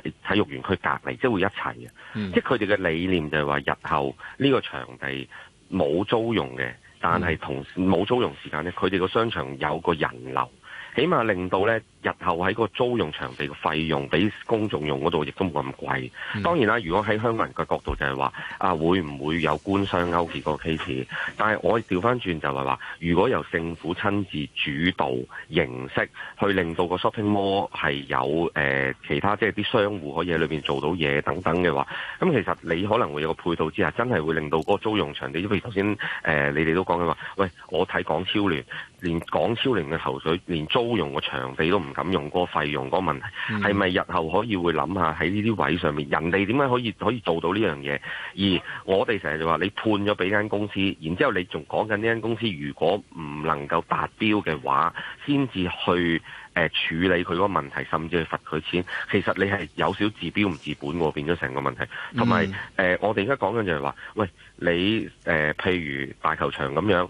體體育園區隔離，即係會一齊嘅。嗯，即係佢哋嘅理念就係話，日後呢個場地冇租用嘅，但係同冇租用時間咧，佢哋個商場有個人流，起碼令到咧就喺個租用場地嘅費用俾公眾用嗰度，亦都冇咁貴，當然啦，如果喺香港人嘅角度就係話啊會唔會有官商勾結個 case？但係我調翻轉就係話如果由政府親自主導形式，去令到個 shopping mall 係有誒、呃、其他即係啲商戶可以喺裏邊做到嘢等等嘅話，咁其實你可能會有個配套之下，真係會令到個租用場地，因為頭先誒你哋都講嘅話，喂，我睇港超聯連港超聯嘅頭緒連租用個場地都唔敢用。同個費用嗰個問題，係咪日後可以會諗下喺呢啲位上面，人哋點解可以可以做到呢樣嘢？而我哋成日就話你判咗俾間公司，然之後你仲講緊呢間公司如果唔能夠達標嘅話，先至去誒、呃、處理佢嗰個問題，甚至去罰佢錢。其實你係有少治標唔治本喎，變咗成個問題。同埋誒，我哋而家講緊就係話，喂，你誒、呃、譬如大球場咁樣。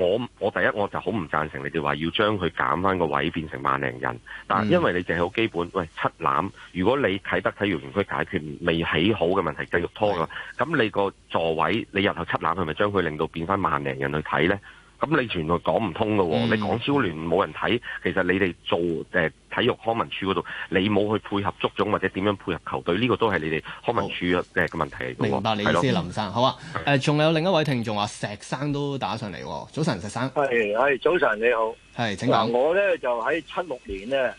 我我第一我就好唔贊成你哋話要將佢減翻個位變成萬零人，但因為你淨係好基本，喂，七攬，如果你睇得體育園區解決未起好嘅問題，繼續拖嘅嘛。咁你個座位你入去七攬，係咪將佢令到變翻萬零人去睇呢？咁你全部講唔通㗎喎、哦嗯，你講超聯冇人睇，其實你哋做誒、呃、體育康文署嗰度，你冇去配合足總或者點樣配合球隊，呢、這個都係你哋康文署嘅問題嚟嘅喎。明白你意思，林生，好啊。仲、 呃、有另一位聽眾話，石生都打上嚟、哦。早晨，石生。係，係，早晨你好。係，請講。嗱，我咧就喺七六年咧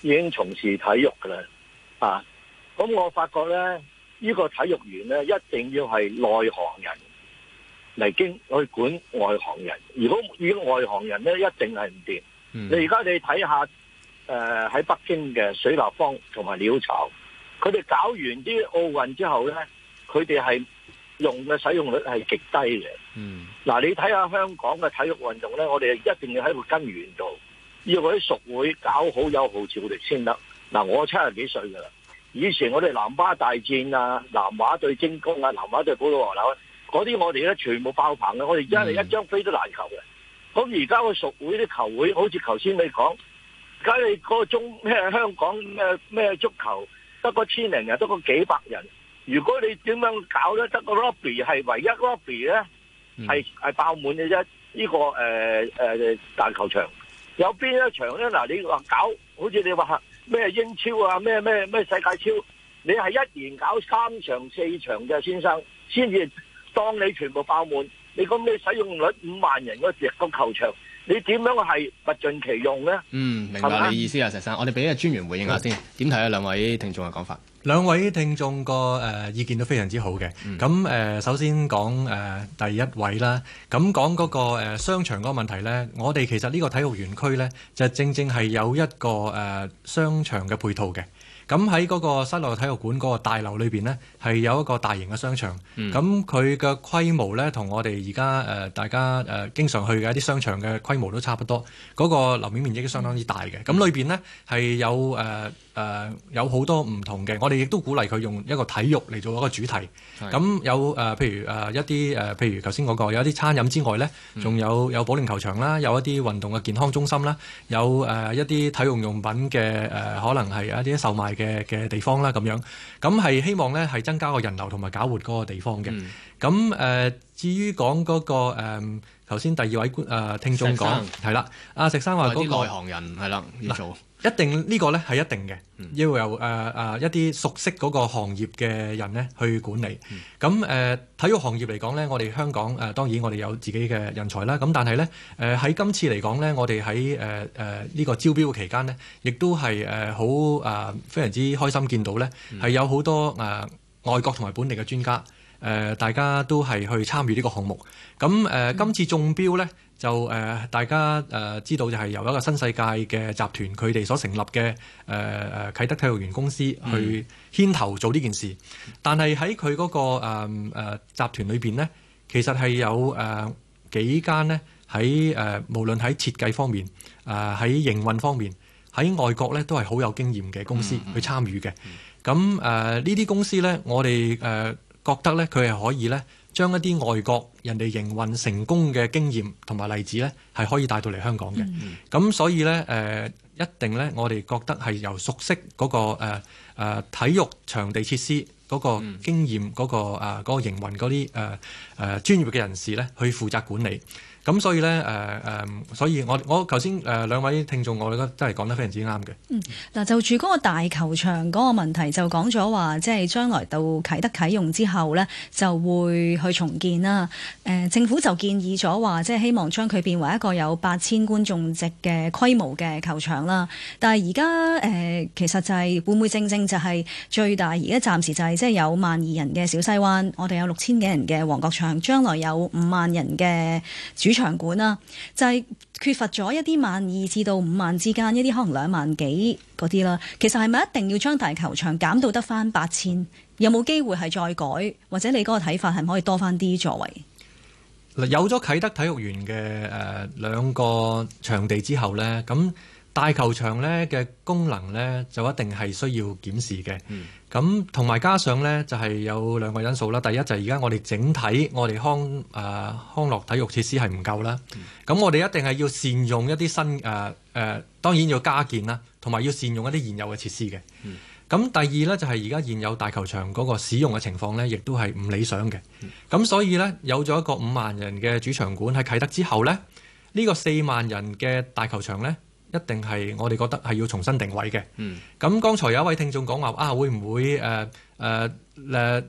已經從事體育㗎啦。啊，咁我發覺咧，呢、這個體育員咧一定要係內行人。嚟經去管外行人，如果以外行人咧，一定係唔掂。嗯、你而家你睇下，誒、呃、喺北京嘅水立方同埋鳥巢，佢哋搞完啲奧運之後咧，佢哋係用嘅使用率係極低嘅。嗱、嗯啊，你睇下香港嘅體育運動咧，我哋一定要喺個根源度，要佢啲屬會搞好有號召力先得。嗱、啊，我七十幾歲噶啦，以前我哋南巴大戰啊，南華對精工啊，南華對寶路華。嗰啲我哋咧全部爆棚嘅，我哋而家係一張飛都難求嘅。咁而家個熟會啲球會好似頭先你講，睇你個中咩香港咩咩足球得個千零人，得個幾百人。如果你點樣搞咧，得個 rugby 係唯一 rugby 咧，係係爆滿嘅啫。呢、這個誒誒大球場有邊一場咧？嗱，你話搞好似你話咩英超啊，咩咩咩世界超，你係一年搞三場四場嘅先生先至。當你全部爆滿，你講咩使用率五萬人嗰個職業球場，你點樣係物盡其用呢？嗯，明白你意思啊，陳生，我哋俾一個專員回應下先。點睇啊，兩位聽眾嘅講法？兩位聽眾個誒意見都非常之好嘅。咁誒，首先講誒第一位啦。咁講嗰個誒商場嗰個問題呢，我哋其實呢個體育園區呢，就正正係有一個誒商場嘅配套嘅。咁喺嗰個室內體育館嗰個大樓裏面呢，係有一個大型嘅商場。咁佢嘅規模呢，同我哋而家大家誒、呃、經常去嘅一啲商場嘅規模都差不多。嗰、嗰個樓面面積都相當之大嘅。咁裏面呢，係有誒。呃誒、呃、有好多唔同嘅，我哋亦都鼓勵佢用一個體育嚟做一個主題。咁有誒、呃，譬如誒一啲誒，譬如頭先嗰個有一啲餐飲之外呢，仲有、嗯、有保齡球場啦，有一啲運動嘅健康中心啦，有誒、呃、一啲體育用品嘅、呃、可能係一啲售賣嘅嘅地方啦咁樣。咁係希望呢係增加個人流同埋搞活嗰個地方嘅。咁、嗯、誒。至於講嗰個誒頭先第二位觀誒聽眾講係啦，阿石生話嗰內行人係啦要做，一定呢個咧係一定嘅，要由誒誒一啲熟悉嗰個行業嘅人咧去管理。咁誒體育行業嚟講咧，我哋香港誒當然我哋有自己嘅人才啦。咁但係咧誒喺今次嚟講咧，我哋喺誒誒呢個招標嘅期間咧，亦都係誒好誒非常之開心見到咧，係有好多誒外國同埋本地嘅專家。誒，大家都係去參與呢個項目。咁誒，今次中標呢，就誒大家誒知道就係由一個新世界嘅集團，佢哋所成立嘅誒誒啟德體育園公司去牽頭做呢件事。但係喺佢嗰個誒誒集團裏邊呢，其實係有誒幾間呢喺誒無論喺設計方面，誒喺營運方面，喺外國呢都係好有經驗嘅公司去參與嘅。咁誒呢啲公司呢，我哋誒。覺得咧，佢係可以咧，將一啲外國人哋營運成功嘅經驗同埋例子咧，係可以帶到嚟香港嘅。咁、嗯、所以呢，誒、呃、一定呢，我哋覺得係由熟悉嗰、嗰個誒誒、呃、體育場地設施嗰個經驗嗰、嗯嗰個啊嗰個營運嗰啲誒誒專業嘅人士咧，去負責管理。咁所以咧，誒、呃、誒所以我我頭先誒兩位聽眾我，我覺得真係講得非常之啱嘅。嗯，嗯，嗱，就住嗰個大球場嗰、那個問題就講咗話即係將來到啟德啟用之後咧，就會去重建啦。誒、呃、政府就建議咗話即係希望將佢變為一個有八千觀眾席嘅規模嘅球場啦。但係而家誒其實就係會唔會正正就係最大？而家暫時就係即係有萬二人嘅小西灣，我哋有六千幾人嘅旺角場，將來有五萬人嘅主場。場館啦，就係缺乏咗一啲萬二至到五萬之間一啲可能兩萬幾嗰啲啦。其實係咪一定要將大球場減到得翻八千？有冇機會係再改？或者你嗰個睇法係咪可以多翻啲座位？嗱，有咗啟德體育園嘅誒兩個場地之後呢？咁。大球場咧嘅功能咧就一定係需要檢視嘅。咁同埋加上咧就係有兩個因素啦。第一就係而家我哋整體我哋康誒康樂體育設施係唔夠啦。咁我哋一定係要善用一啲新誒誒，當然要加建啦，同埋要善用一啲現有嘅設施嘅。咁第二咧就係而家現有大球場嗰個使用嘅情況咧，亦都係唔理想嘅。咁所以咧有咗一個五萬人嘅主場館喺啟德之後咧，呢個四萬人嘅大球場咧，一定係我哋覺得係要重新定位嘅。咁，剛才有一位聽眾講話啊，會唔會呃、呃、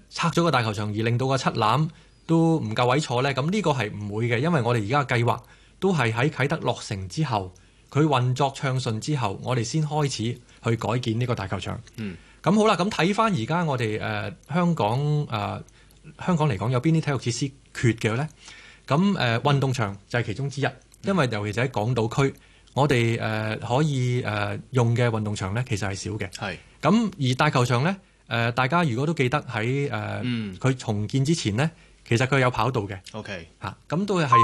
拆咗個大球場而令到個七欖都唔夠位坐呢？咁呢個係唔會嘅，因為我哋而家嘅計劃都係喺啟德落成之後，佢運作暢順之後，我哋先開始去改建呢個大球場。咁、嗯、好啦，咁睇翻而家我哋、呃、香港、呃、香港嚟講有邊啲體育設施缺嘅呢？咁、呃、運動場就係其中之一，因為尤其就喺港島區。我哋誒、呃、可以誒、呃、用嘅運動場咧，其實係少嘅。係咁而大球場咧，誒、呃、大家如果都記得喺誒，佢、呃嗯、重建之前咧，其實佢有跑道嘅。OK，嚇咁、啊、都係好。